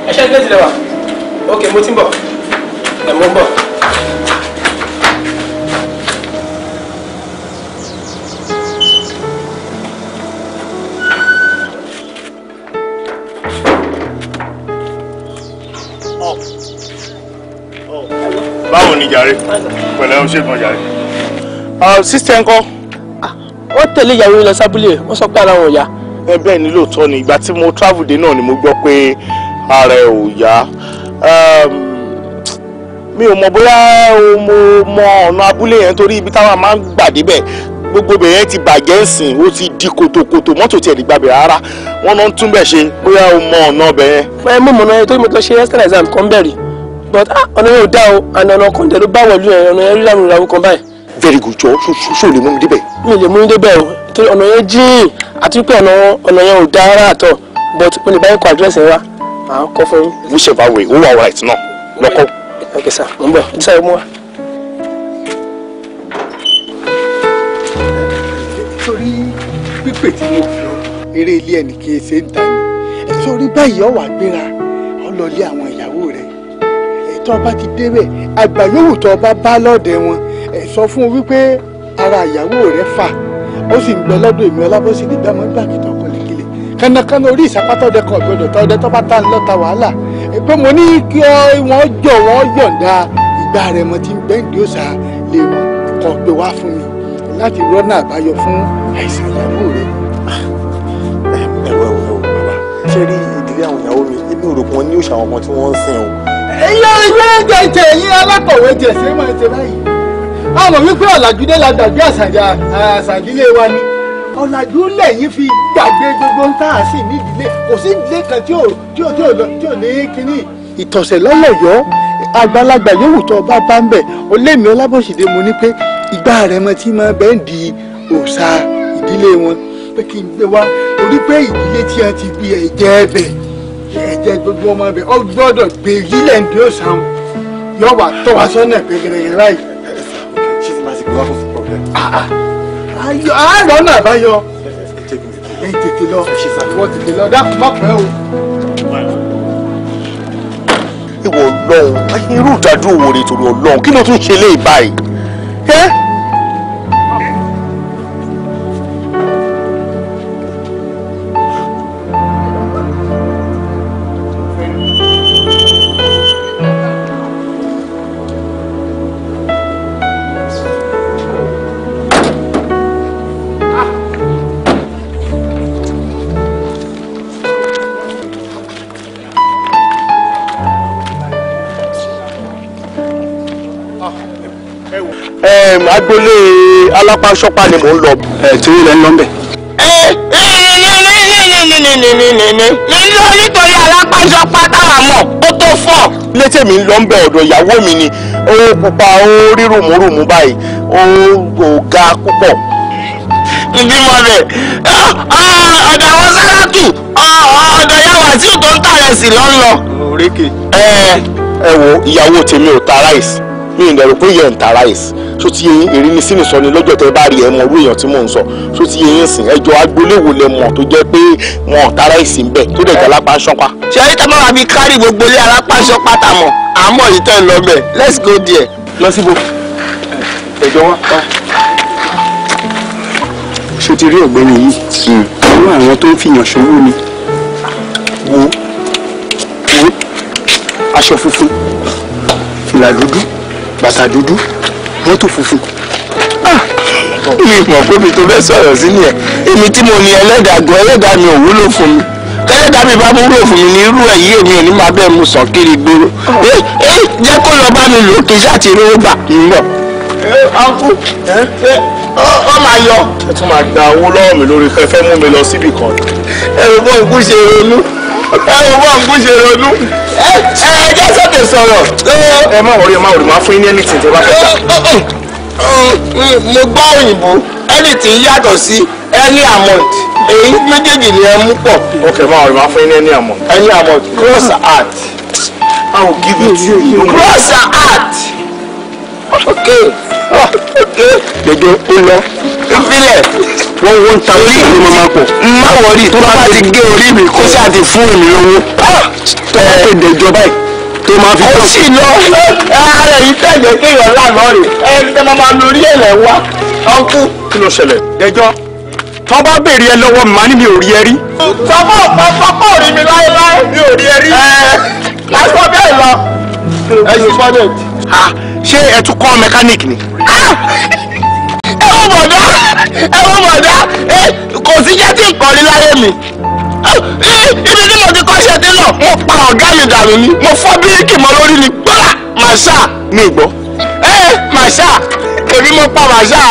ẹ ṣe ń gbé tilẹ̀ wá ok mo ti ń bọ̀. jàre pẹ̀lẹ́ o ṣègùn jàre. Ah, sísẹ́ ńkọ́. ó ah, tẹ̀lé ìyàwó ilẹ̀ sábúlé ó sọ pé ara wọn ò yá. ẹ ni lóòótọ́ ni ìgbà tí mo travel dé náà ni mo gbọ́ pé ara ẹ̀ ò yá ehm, mi ò mọ̀ bóyá mo mọ ọ̀nà abúlé yẹn torí ibi táwa máa ń gbà débẹ̀ gbogbo bẹ̀rẹ̀ ti bàjẹ́ ǹsìn ó ti di kòtòkòtò mọ́tò tiẹ̀ nígbà bẹ̀rẹ̀ rárá wọ́n náà ń tún bẹ̀ ṣe bóyá o mọ ọ̀nà ọbẹ̀ yẹn. ẹ mú mọ̀nà yẹn torí mo tọ́ ṣe extra exam kan bẹ̀rẹ̀ but ah, ọ̀nà yóò dá o àná ọ̀nà kan tẹ̀lé bá wọ̀lú yẹn ọ̀nà yẹn rí làwọn kan báyìí. very good jọ ṣó lè mú mi débẹ̀. mi lè mú mi débẹ̀ o torí ọ̀nà yẹn jìn àti pé ọ̀nà yẹn ò dáa rárá àtọ̀ but mo lè bá yín kọ àdírẹ́sì wa màá kọ fún yín. whichever way ó wà right náà lọ́kọ́. ok sir mo ń bọ̀ ẹ ti sáré mú wa. torí pípè tí mo fi ọ eré ilé ẹnì kí ẹ ṣe ń dání ẹ sọ rí tó bá ti débẹ̀ àgbà yòówù tó bá bá lọ́ọ̀dẹ wọn ẹ̀ sọ fún un wípé ara ìyàwó rẹ fà ó sì ń gbẹ lọ́dọ̀ èmi ọlábọ́sí nígbà mọ́ nígbà kìtọ̀ kan lèkele kánnakánná orí ìsapátọ́dẹ kan gbọdọ̀ tọ́dẹ tó bá tá ń lọ́ta wàhálà pé mo ní kí wọ́n jọ̀ wọ́n yọ̀ǹda ìgbà rẹ mo ti ń bẹ́ǹdì òòsà lè mọ kọ́ pé wá fún mi láti rọ́nà àbáyọ fún àìsàn ìyàwó rẹ. ẹ̀wẹ̀ ẹ̀wẹ̀ bàbá ṣé rí ìdílé àwọn ìyàwó mi inú òròkùn wọn ní òṣà àwọn ọmọ tí wọ́n ń sìn o ìyá ìyá ẹ̀jẹ̀ ìjẹ̀ yín alákọ̀wé jẹ̀ máa ṣe báyìí a mọ̀ wípé ọ̀làjúdé la gbàgbé àṣàdílé wa ni ọ̀làjú lẹ́yìn fi gbàgbé gbogbo ń tà sí nídìílé kò sí ìdílé kan tí ò tí ò tí ò ní kínní ìtọ̀sẹ̀ lọ́lọ́yọ́ àgbàlagbà yòówù tó bá bá ń bẹ̀ olémi ọlábòṣìdé mo ní pé ìgbà rẹ̀ mọ tí máa bẹ́ẹ̀ di òòṣà ìdílé wọn pé kí n gbé wá torí pé ìdílé tí a ti bí ẹ̀ jẹ́ bẹ́ẹ̀ ẹ̀jẹ̀ gbogbo ọmọ ibẹ̀ ó gbọ́dọ̀ gbé yílẹ̀ ní òsà wọn yóò wá tọ́ wa sọ́nà gbẹgẹrẹ yẹn láì. ṣé ti máa ti gbọ́ fún problem. àárọ̀ náà bá yọ ẹ tètè lọ ìwọ tètè lọ dákun má pẹ́ o. ìwọ ọlọ́run irú ìdádúró wo ni torí ọlọ́run kí ló tún ṣe lé ìbáyìí. agboolé alápáṣọpá ni mò ń lọ. ẹ tí ó lẹ ń lọ bẹ. nítorí alápáṣọpá táwa mọ̀ ó tó fọ̀. létí mi ń lọ bẹ ọ̀dọ̀ ìyàwó mi ni ó pupa ó rí rùmùrùmù báyìí ó ò ga púpọ̀ ìbímọ rẹ ọ̀dọ̀ àwọn sáràtù ọ̀dọ̀ yàwá tí ò tó ń ta rẹsì lọ́nlọ. ẹ ẹ wo ìyàwó tèmi ò ta ráìsì mi ò dẹ̀rù pé yẹn ń ta ráìsì so ti yẹn èrè ni sínú sọ ni lọ́jọ́ tẹ bá rí ẹ mọ orú èèyàn tí mò ń sọ so ti yẹn sìn ẹjọ́ agboléwo lẹ mọ̀ tó jẹ́ pé wọn ò tara ìsìn bẹ́ẹ̀ tó dẹ̀ jẹ́ alápáṣọ́pá. ṣé ayé tá a máa fi kárì gbogbo ilé alápáṣọ́pá tà mọ̀ àmọ́ yìí tẹ̀ lọ bẹ̀ let's go there. lọ síbo ẹjọ́ wa ṣe ti rí ọ̀gbẹ́ni yìí hmm. irú àwọn tó ń fìyàn ṣòwò ni wo wo aṣọ funfun fìlà dúdú bàtà dúdú mọ́tò funfun ah, mi mọ̀ pé mi tó fẹ́ sọ̀rọ̀ sí nìyẹn èmi tí mo ní ẹlẹ́dàá gan ẹlẹ́dàá mi ò wúlò fún mi kẹlẹ́dàá mi bá wúlò fún mi ní irú ẹ̀ yí èmi ò ní máa bẹ́ẹ̀ mu sàn kiri gbòòrò ẹ ah. ẹ eh, eh, jẹ́ kó lọ bá mi lò kí iṣẹ́ àti irú bà ń bọ̀. Eh, ọkú ọ máa yọ. ẹ tún máa gba owó lọ́wọ́ mi lórí pé fẹ́ mú mi lọ síbì kan. ẹ̀rù bọ́ǹkú ṣe ronú ẹ̀rù bọ́ǹkú ṣe ronú ẹ jẹ́ sọ́kè sọ̀rọ̀. ẹ má wọrí ẹ má wọrí máa fún yín ní anything tẹ bá fẹ́ ta. mo gbọ́ òyìnbó anything yàtọ̀ sí any amount èyí méjèèjì ni ẹ mú pọ̀. ok má wọrí máa fún yín ní any amount. any amount cross heart. I will give it to you. cross heart. ok gbẹgbẹ ó lọ. ìfilẹ̀ wọ́n wọ́n ta orí mi máa pọ̀. má wọrí tó bá ti gé orí mi kó ṣáà ti fún mi lówó. Ah! tó bá kéde ìjọba yìí tó máa fi tán. ó sì lọ ara yìí tẹ̀lé kéèyàn lànà rè ẹni tẹ́ máa lórí ẹ̀lẹ̀ wa ọ̀kú. kí ló ṣẹlẹ̀. ẹjọ́ tọ́ bá béèrè ẹ lọ́wọ́ màá ní mi ò rí ẹ rí. sọ́kọ̀ sọ́kọ̀ rí mi láéláé mi ò rí ẹ rí. lásán bẹ́ẹ̀ lọ. ẹ ṣe fọ́nẹ̀t. ṣé ẹ tún kọ́ mẹkáníìkì ni. ẹ wọ́n mọ̀dá ẹ wọ́n mọ̀dá kò sí jẹ́ tí ì ibi tí mo ti kọ́ṣẹ́ tí lọ mo pa ọ̀gá mi dànù ni mo fọ́ bíríkì mọ́ lórí ni gbọ́dà màṣá mi gbọ́ ẹ màṣá èmi mo pa màṣá.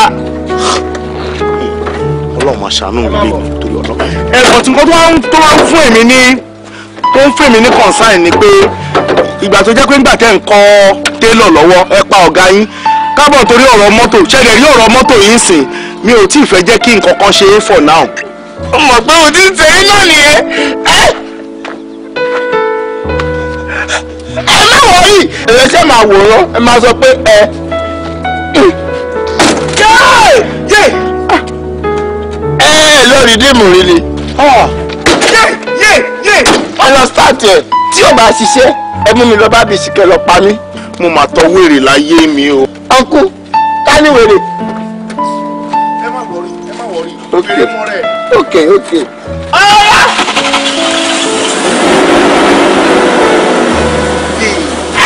ọlọ́run máa ṣàánú ilé mi torí ọ̀nà. ẹ̀kọ́ tí nǹkan tó wá ń tó wá ń fún èmi ní tó ń fún èmi ní concern ni pé ìgbà tó jẹ́ pé nígbà tẹ́ ń kọ́ télọ̀ lọ́wọ́ ẹ pa ọ̀gá yín kábọ̀ torí ọ̀rọ̀ mọ́tò ṣẹlẹ̀ rí ọ̀rọ̀ mọ́tò yìí sìn mi ò tí ì fẹ́ jẹ́ kí nǹkan kan ṣe é for now ó mọ̀ pé òdì ń tẹ̀rí náà nìyẹn ẹ́ ẹ má wọ̀nyí ẹ̀rẹ́sẹ̀ máa wòrán ẹ máa sọ pé ẹ. ẹ lórí dìmú rí ni ẹ lọ start ẹ tí ò bá ṣiṣẹ́ ẹ mú mi lọ bá bí ìsìnkẹ́ lọ pa mí mo mà tọ́ wèrè láyé mi o. ọkú ká ní wèrè. ẹ má wọrí ẹ má wọrí. ó kéré mọ́rẹ́ okay, okay. ọ̀rọ̀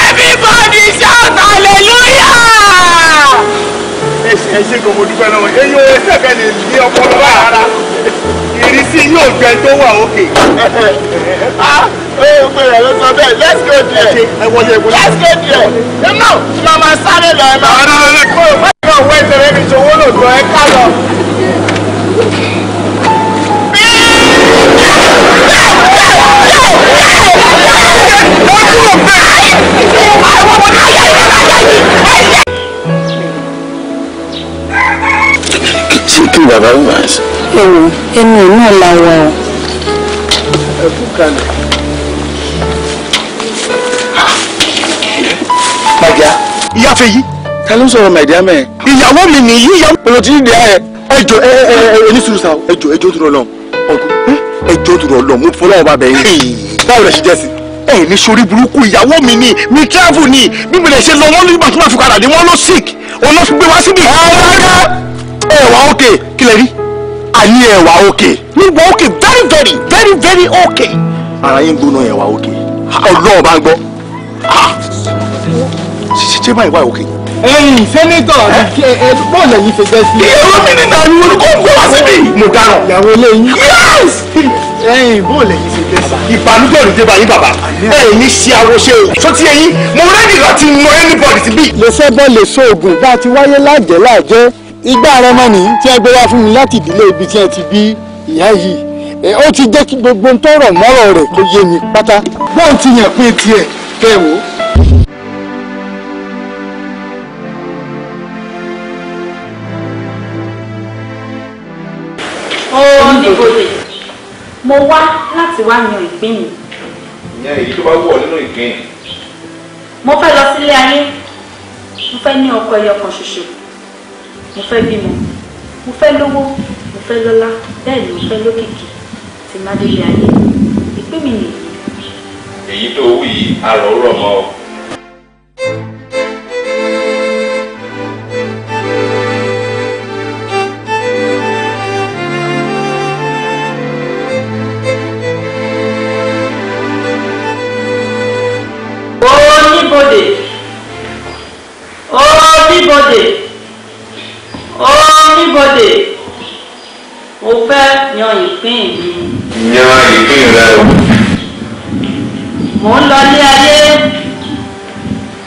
everybody shout hallelujah. ẹ ṣe ẹ ṣe kò mo dúpẹ́ lọ́wọ́ eyín oye sẹ́kẹ̀ lè lé ọpọlọ rárá ìrísí yóò gbẹ tó wà òkè. Ah, ẹ ẹ pèrè ló sọ bẹ́ẹ̀ let's go there ẹ wọlé ẹ wọlé let's go there ẹ mọ̀ tí màmá sáré lọ ẹ máa. ọ̀rọ̀ ló lè kó o fẹ́ lọ wẹ́sẹ̀ rẹ̀ mi ṣòwò lòdùn ẹ ká lọ. ṣé kí bàbá ń bàá ṣe. ewu ẹnu ìná la wà o. ẹkú kalẹ̀. màdìá. ìyá ta ló ń sọ̀rọ̀ màdìá mẹ́ẹ̀. ìyàwó mi nìyí ìyàwó. pẹ̀lú tí ń dẹ́ ẹ. ẹ ẹ ẹ ẹ ní sùúrù sa o. ẹ tó rọ lọ. ọdún ẹ tó rọ lọ mo fọlọ́wọ́ bá bẹ̀ yín. báwo lẹ ṣe jẹ́ sí i ẹ ní sori burúkú ìyàwó mi ni mi travel ni bí mi lè ṣe lọ wọn nígbà tó máa fi padà dé wọn ló sick òun ló gbé wá síbi. ẹ wà okay kí lè rí àní ẹ wà okay. mi wà okay very very very very okay. ara yín gbóná ẹ wà okay ọlọ́ọ̀ bá ń gbọ́ ṣe máa wà okay. ẹ̀yin sẹ́nitọ̀ bọ́ọ̀lù ẹ̀yin ṣe jẹ́ sí. ìyàwó mi ni nàá ni olùkọ́ ń gbọ́ wá síbi. mo dáràn. ìyàwó ilé yín. yes. ẹ̀yin bó lẹ́yìn ṣe fẹ́ sá. ìbànújẹ́ òdìdé bá yín bàbá ẹ̀yin ní ṣe àwòṣe o tó ti ẹ̀yin mo rẹ́dì láti mọ anybody ti bí. lè sẹ́gbọ́ lè so oògùn bá a ti wáyé láàjẹ́ láàjẹ́ igbá rẹ mọ́ nìyí tí ẹ gbé wá fún mi láti ìdílé ibi tí ẹ ti bí ìyá yìí ó ti jẹ́ kí gbogbo ń tọrọ mọ́rọ̀ rẹ̀ kó yé mi pátá. bọ́ọ̀ ti yàn pé tiẹ̀ kẹ́ wò mo wá láti wá yan ìpín mi. ìyẹn èyí tó bá wù ọ́ nínú ìpín. mo fẹ́ lọ sílé ayé mo fẹ́ ní ọkọ ẹyọ kan ṣoṣo mo fẹ́ bímọ mo fẹ́ lówó mo fẹ́ lọ́lá bẹ́ẹ̀ ni mo fẹ́ lókìkí tí má délé ayé ìpín mi nìyí. èyí tó wù yìí a rọ̀ ọ́ rọ̀ mọ́ ọ. anybody anybody mo fẹ́ yan ìpín mi. yan ìpín rẹ o. mò ń lọ ilé ayé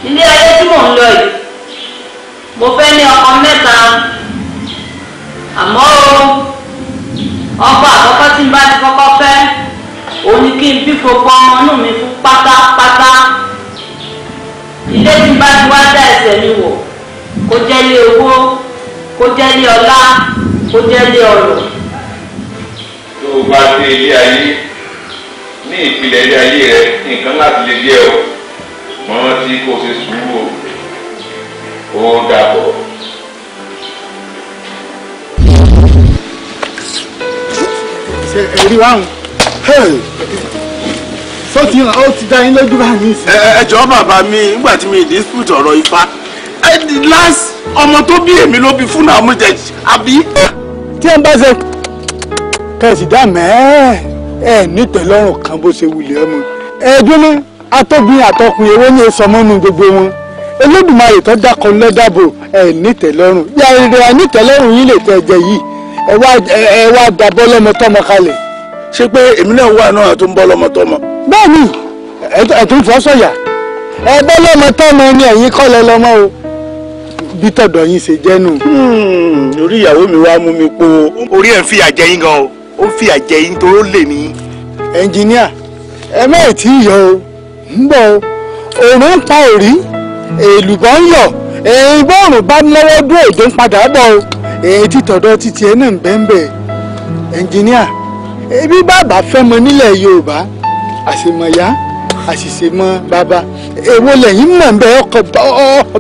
ilé ayé tí mò ń lọ yìí mo fẹ́ ní ọkọ mẹ́ta àmọ́ o ọkọ àkọ́kọ́ tí n bá ti kọ́kọ́ fẹ́ òun ni kí n bí fọpọ́ ọmọ inú mi fún pátápátá ilé tí n bá ti wá dá ẹsẹ̀ mi wọ̀ kó jẹ́ lé owó kó jẹ́ lé ọlá kó jẹ́ lé ọrọ̀. tó o bá dé ilé ayé ní ìpìlẹ̀ ilé ayé rẹ nǹkan láti lè díẹ̀ o mọ́ tí kò ṣe sùúrù o ó dàbọ̀. ṣe èrí wàhùn sọ ti hàn ó ti dá yín lójú báyìí. ẹ ẹ jọ bàbá mi nígbà tí mi dispute ọ̀rọ̀ ifá last ọmọ tó bí èmi ló bí fún àwọn méjèèjì àbí. tí ẹ bá ṣe kẹsì dá mẹ́ẹ́ ẹ nítẹ̀lọ́rùn kan bó ṣe wulẹ̀ ọmọ ẹ̀ẹ́dún ní atọ́gbìn àtọkùn ewé ní sọmọ́nù gbogbo wọn Olódùmarè tó dákọ lọ́dàbò ẹ nítẹ̀lọ́rùn yàrá ẹ nítẹ̀lọ́rùn yín lè tẹ̀ jẹ yìí ẹ wá da bọ́lọ́mọ tọmọ kalẹ̀. ṣé pé èmi náà wà náà tó ń bọ́lọ́mọ tọmọ. bẹ́ẹ̀ ni ẹ̀ tó ń fọ́ sọ̀yà ẹ bọ́lọ́mọ tọmọ ni ẹ̀yin kọ́ lọ lọ́mọ o bí tọ̀dọ̀ yín ṣe jẹ́ nù. orí ìyàwó mi wá mú mi po. orí ẹ̀ ń fìyà jẹ yín gan o ó fìyà jẹ yín tó ó lè ní. ẹnjìníà ẹ má ì tí ì yọ o ń bọ̀ o òòrùn ń pa òrí èlùbọ́ ń yọ̀ èèbọ̀ òrùn bá lọ́wọ́ dún òjò ń padà bọ̀ o èyí tí tọ̀dọ̀ títí ẹ náà ń bẹ́ẹ̀ bẹ́ẹ̀ ẹnjìníà ebi bàbá fẹ́ mọ nílẹ̀ Yorùbá àṣemọ̀yá àṣìṣe mọ́ bàbá èwo lẹ́yìn mọ̀ bẹ́ẹ̀ ọkọ̀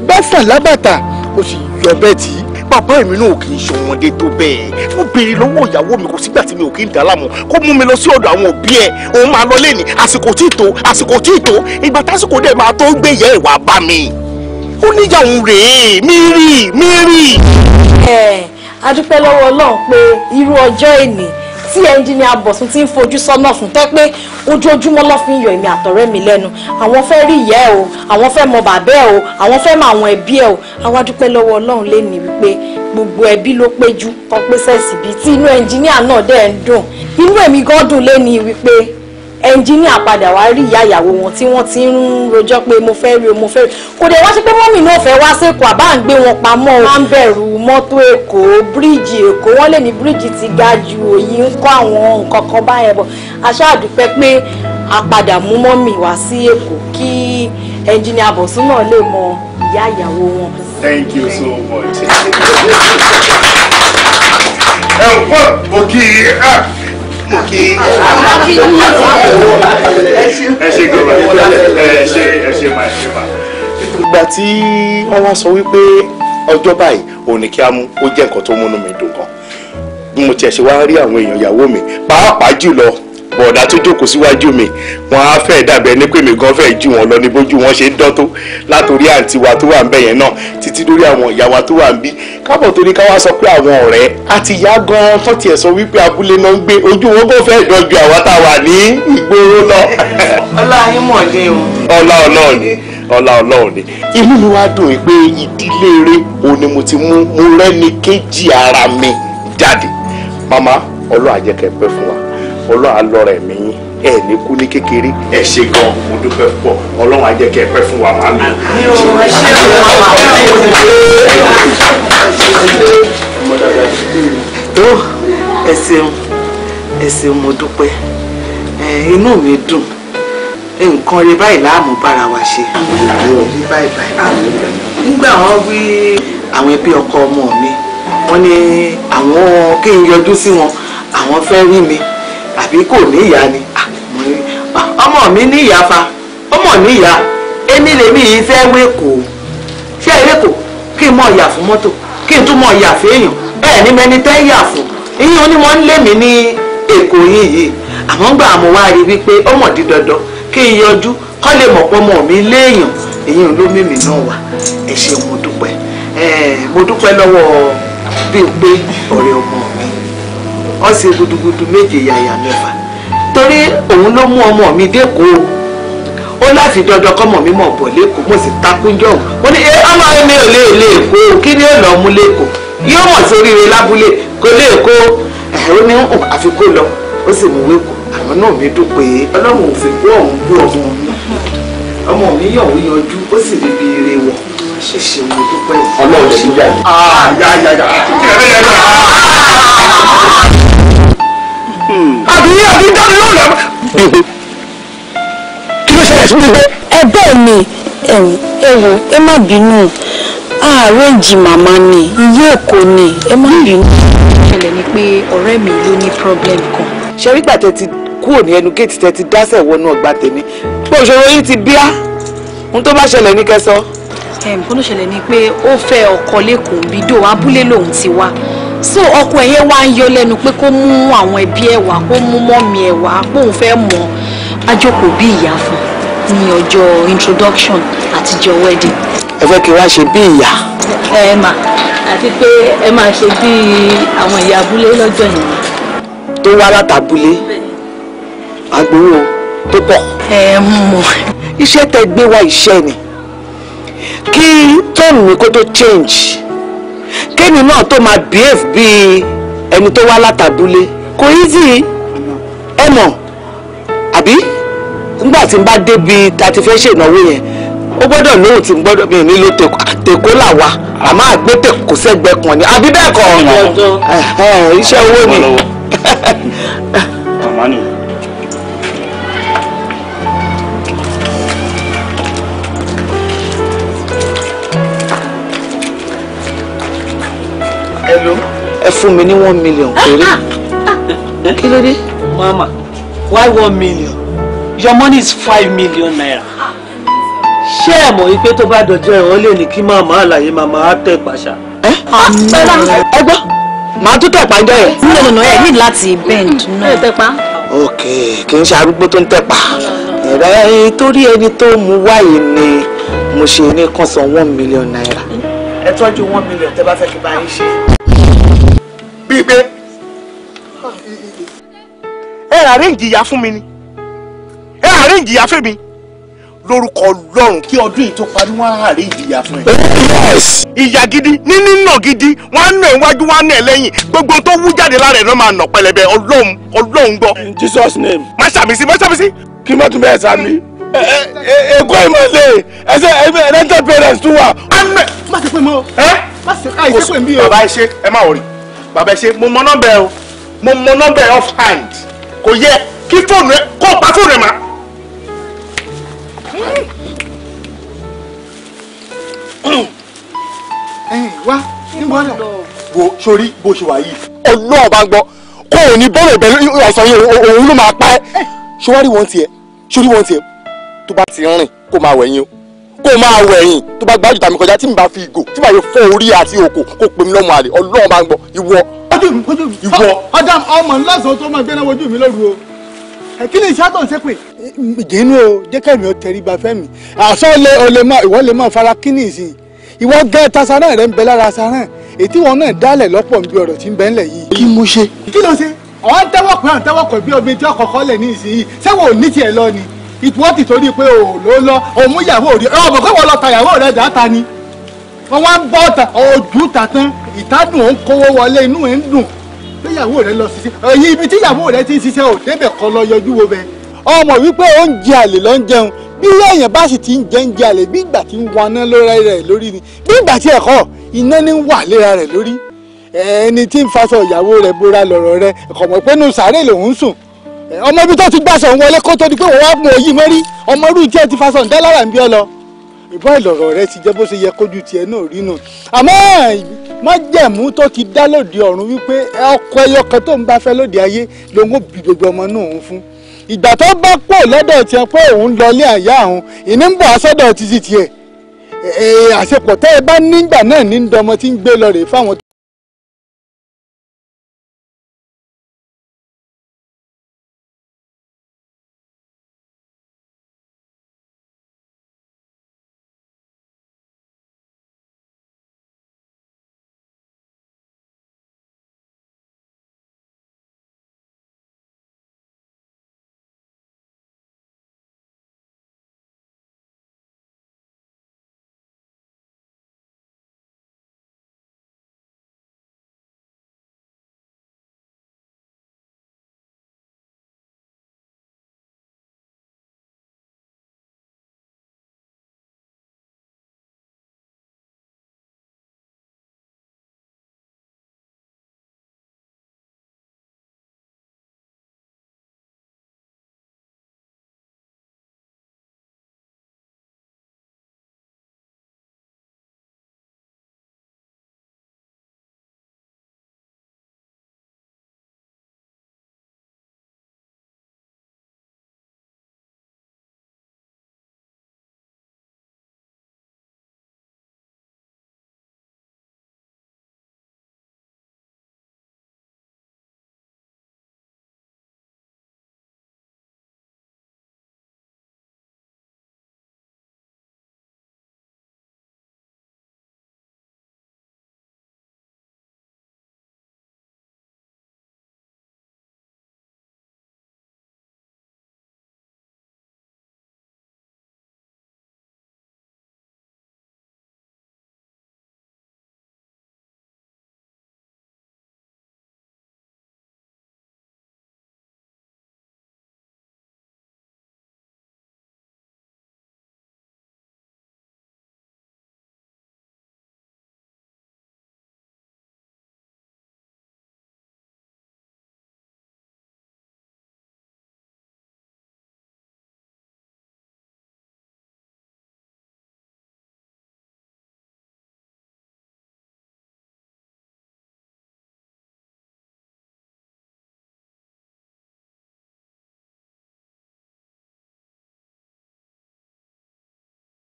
bẹ́ẹ̀ sàn lábàtà ó sì yọ bẹ́ẹ̀ tí bàbá èmi náà kì í ṣọmọdé tó bẹ́ẹ̀ mo béèrè lọ́wọ́ ìyàwó mi kò sígbà tí mi ò kí ń dà láàmú kó mú mi lọ sí ọ̀dọ̀ àwọn òbí ẹ̀ òun máa lọ lẹ́ni àsìkò tí tó àsìkò tí tó ìgbà tásìkò dẹ̀ máa tó gbé ìyá ẹ̀ wá bá mi ó níyàwó rèé mi rí mi rí. ẹ a dúpẹ́ lọ́wọ́ Ọlọ́run pé irú ọjọ́ ènìyàn tí ẹnjìnìà Bọ̀sùn ti ń fojú sọ́nà fún tẹ́ pé ojoojúmọ́ lọ́ fi ń yọ èmi àtọ̀rẹ́ mi lẹ́nu àwọn fẹ́ rí ìyá ẹ̀ o àwọn fẹ́ mọ bàbá ẹ̀ o àwọn fẹ́ mọ àwọn ẹbí ẹ̀ o àwa dúpẹ́ lọ́wọ́ Ọlọ́run lẹ́nu wípé gbogbo ẹbí ló péjú tọ́pẹ́sẹ̀sì bíi tí inú ẹnjìnìà náà dẹ̀ ń dùn inú èmi gan dùn lẹ́nu wípé ẹnjíníà padà wá rí ìyá ìyàwó wọn tí wọ́n ti ń rojọ́ pé mo fẹ́ rí o mo fẹ́ rí kò dé wá sí pé mọ́mì náà fẹ́ wá sẹ́kọ̀ọ́ àbá ń gbé wọn pamọ́ o. wọ́n bẹ̀rù mọ́tò èkó bíríìjì èkó wọ́n lè ní bíríìjì ti ga ju òyì ń kọ́ àwọn nǹkan kan báyẹn bọ̀ aṣáàdúpẹ́ pé a padà mú mọ́mì wá sí èkó kí ẹnjíníà bọ̀sùn náà lè mọ ìyá ìyàwó wọn. Thank you so much. ẹ wọ́n òkì ẹ̀ ìgbà tí wọ́n wá sọ wípé ọjọ́ báyìí òun ni kí a mú ó jẹ́ nǹkan tó múnú mi dùn gan mo tiẹ̀ ṣe wá rí àwọn èèyàn ìyàwó mi pàápàá jùlọ bọ̀dá tó jókòó síwájú mi wọ́n á fẹ́ dàbẹ̀ ní pé mi gan fẹ́ jù wọ́n lọ ní bójú wọn ṣe ń dán tó látòrí àǹtí wa tó wà ń bẹ̀ yẹn náà títí dórí àwọn ìyá wa tó wà ń bí kábọ̀ torí ká wá sọ pé àwọn ọ̀rẹ́ àti ìyá gan tó tiẹ̀ sọ wípé abúlé náà ń gbé ojú wọn kò fẹ́ dán ju àwa tá a wà ní ìgboro lọ. ọlá yín ọlá ọlọ́run inú mi wá dùn pé ìdílé eré òun ni mo ti mú mo rẹ́ni kéjì ara mi jáde màmá ọlọ́run pẹ́ fún wa ọlọ́run á lọ rẹ̀ mí ẹ ní kú ní kékeré. ẹ ṣe gan mo dúpẹ́ pọ̀ ọlọ́run á jẹ́ kí ẹ pẹ́ fún wa màmí. tó ẹ ṣeun ẹ ṣeun mo dúpẹ́ inú mi dùn nǹkan rí báyìí láàmú bára wa ṣe. nígbà wọn wí àwọn ẹbí ọkọ ọmọ mi wọn ní àwọn kí n yọjú sí wọn àwọn fẹ́ rí mi àbí kò ní ìyá ni ah, ọmọ mi ní ìyá fa ọmọ ní ìyá èmi lèmi yìí fẹ́ wékòó ṣé ẹ̀rẹ́kòó kí n mọ ìyà fún mọ́tò kí n tún mọ ìyà fẹ́yàn bẹ́ẹ̀ ni mẹni tẹ́ yà fún ìyẹn onímọ̀ ń lé mi ní èkó yìí yìí àmọ́ gbà mo wá rí wípé ó di dandan kí n yọjú kọ́ lè mọ̀ pọ́mọ mi léèyàn èyí ló mímì náà wà ẹ ṣé mo dúpẹ́ mo dúpẹ́ lọ́wọ́ bí o pé ọ̀rẹ́ ọmọ ó ṣe gudugudu méje yàyà mẹ́fà torí òun ló mú ọmọ mi dẹ́kọ̀ọ́ ó láti dandan kọ́mọ mi mọ̀ bọ̀ lẹ́kọ̀ọ́ mo sì takúnjọ́ mo ní ọmọ mi ò lè lè kó kí ni ó lọ mú lẹ́kọ̀ọ́ yóò mọ̀ sórí rẹ lábúlé kò lè kó ẹ̀rọ ní hùn àfi kó lọ ó sì mú wẹ́kọ̀ọ́ àwọn náà mi dùn pé ọlọ́run ò fi kó ọ̀hún bú ọmọ mi ọmọ mi yọ̀ ó yanjú ó sì rí ibi ire wọ̀ ṣèṣe mo dúpẹ́ yìí. ọlọ́run lè dúpẹ́ yìí. àyà àyà àyà. àbí àbí dáni lọ́nà. kí ló ṣẹlẹ̀ sí mi. ẹ bẹ́ẹ̀ ni ẹ wò ẹ má bínú àárẹ̀jì màmá ni iye èkó ni ẹ má bínú. ìṣẹ̀lẹ̀ hmm. ni pé ọ̀rẹ́ mi ló ní problem kan. ṣe rí gbàtẹ́ ti kúrò ní ẹnu géètì tẹ́ ti dásẹ̀ wọnú ọgbà tèmi pé òṣèré yín ti bíá ohun tó bá ṣẹlẹ̀ ní kẹsàn-án kó ló ṣẹlẹ̀ ni pé ó fẹ́ ọkọ lẹ́kọ̀ọ́ bídò abúlé lòun ti wá so ọkọ ẹ̀yẹ wá ń yọ lẹ́nu pé kó mú àwọn ẹbí ẹ̀ wá kó mú mọ́mí ẹ̀ wá kóun fẹ́ mọ̀ ajókòó bí ìyá fún ní ọjọ́ introduction àtijọ́ wedding. ẹ fẹ́ kí wá ṣe bí ìyá. ẹ ẹ mà àti pé ẹ máa ṣe bí àwọn ìyá abúlé lọ́jọ́ yẹn. tó wá látàbúlé agbowó tó pọ̀. ẹ mú un. iṣẹ́ tẹ gbé wá iṣẹ́ ni kí tone mi kó tó change kémi náà tó máa behave bíi ẹni tó wá látàdúlé kò easy ẹ mọ̀ àbí nígbà tí n bá débi tá a ti fẹ́ ṣènáwó yẹn ó gbọ́dọ̀ lóhùn tí n gbọ́dọ̀ mi nílò tèkó là wá àmọ́ àgbé tèkó sẹ́gbẹ́ kan ni àbí bẹ́ẹ̀ kọ́ iṣẹ́ owó ni. ẹ fún mi ní one million péré ah, ah, kí ló dé. mama why one million your money is five million naira ṣé ẹ mọ̀ wípé tó bá dọjọ́ ẹ̀ wọ́n lè ní kí màmá àlàyé màmá á tẹ̀ pàṣà. ẹ eh? ah, ẹ gbọ́ màá tó tẹ̀ pàjọ́ yẹn. no no no ẹ ní láti bend náà. ok kì í ṣe arúgbó tó ń tẹ̀ pa ẹ̀rọ torí ẹni tó mú wáyé ni mo ṣe ní kàn san one million naira. ẹ tọ́jú one million tẹ́ bá fẹ́ kí bá yín ṣe. arrange ìyá fún mi ni ẹ arrange ìyá fún mi lórúkọ Ọlọ́run kí ọdún yìí tó parí wọn arrange ìyá fún ẹ. ìyá gidi ní nínà gidi wọn á nà ẹ wọn á nà ẹ gbogbo tó wú jáde lára ẹ náà máa nà pẹlẹbẹ Ọlọ́run Ọlọ́run gbọ́. in Jesus name. má ṣàmìsí má ṣàmìsí. kí má tún bẹ́ẹ̀ sàmì. èkó ìmọ̀ lè ẹsẹ̀ ẹ̀rẹ́ntẹ́ parents tún wà. má ti pè mọ́ ẹ má ti ká ìṣe pè mí o. bàbá ẹ ṣe ẹ má wọrí bàbá ẹ ṣe mo mọ nọ́mbà o mo mọ nọ́mbà ẹ hand kò yẹ kí fóònù ẹ kó pa fóònù ẹ mà. wá níbo ọ̀dà wo sórí bó ṣe wà yìí. ọlọ́run bá gbọ́ kó o ní bọ́ọ̀lù ìbẹ̀rù ọ̀sán yẹn òun ló máa pa ẹ́ ṣé wọn tiẹ̀ ṣé wọn tiẹ̀ tó bá ti rìn kó máa wẹ̀yìn o kó máa wẹ̀yìn tó bá gbájú tàmí kọjá tí mi bá fi ìgò tí màá yẹ fọ́ orí àti òkò kó pè mí lọ́mọ àlè ọlọ́run bá gbọ́ ìwọ ojú mi ojú mi. ìwọ. ọ̀dà ọmọ ńlọ́sàn tó máa gbéná wojú mi lóru o. kí ni iṣẹ́ tó ń ṣe pé. jẹ́nu o jẹ́ kẹ́mi ó tẹríba fẹ́mi àṣọ olè olè máa ìwọ lè máa fara kíní ìsìn ìwọ gẹ́ tasarán rẹ̀ ń bẹ lára sarán ètí wọn náà dálẹ̀ lọ́pọ̀ níbi ọ̀rọ̀ tí ń bẹ ńlẹ̀ yìí. kí mo ṣe. kí ló ṣe ọ̀hún tẹ́wọ́ pé ọ̀hún tẹ́wọ́ pé bí omi tí ọkọ̀ kọ́lẹ̀ ní ìsinyìí sẹ́wọ̀n ò ní tiẹ̀ lọ ni ìtúwọ́ ti torí pé òòló lọ òun mú ìyàwó rí ọmọ kọ́wọ́ lọ ta ìyàwó rẹ̀ dáta ni wọ́n wá ń bọ́ ọ̀tà ojú ta tán ìtàdùn òun kówó wọlé inú ẹ̀ ń dùn gbéyàwó rẹ lọ ṣiṣẹ́ ẹ̀yìn ibi tí ìyàwó rẹ ti ń ṣiṣẹ́ ò débẹ̀ kọ́ lọ yọjú wo bẹ. ọmọ wípé oúnjẹ àlè ló ń jẹun bí èèyàn bá sì ti ń jẹ oúnjẹ àlè bí ìgbà tí ń waná lóra rẹ lórí ni bí ìgbà tí ẹ̀kọ́ iná ní ń wà léra rẹ lórí. ẹni tí ń faṣọ ìyàwó rẹ bóra lọ̀rọ̀ rẹ kò mọ̀ pé nù lòún sùn. ọmọ ibi tó ti gbàṣọ wọlé kó tó di pé wọ́n wá mú òyìn mọ́rí ọmọ irú ẹ ti faṣọ ń ń bí ọ lọ ìbá ìlọ̀rọ̀ rẹ ti jẹ́ bó ṣe yẹ kójú tiẹ̀ náà rí nù àmọ́ májẹ̀mú tó ti dá lòdì ọ̀run wípé ọkọ ẹyọ kan tó ń bá fẹ́ lòdì ayé lòun ó bí gbogbo ọmọ náà òun fún ìgbà tó bá pọ̀ lọ́dọ̀ tiẹ̀ pé òun ń lọlé àyà òun ìní ń bọ̀ àsọdọ̀ títí tiẹ̀ àṣepọ̀ tẹ́ ẹ bá nígbà náà ní dọmọ tí ń gbé lọ rèé fáwọn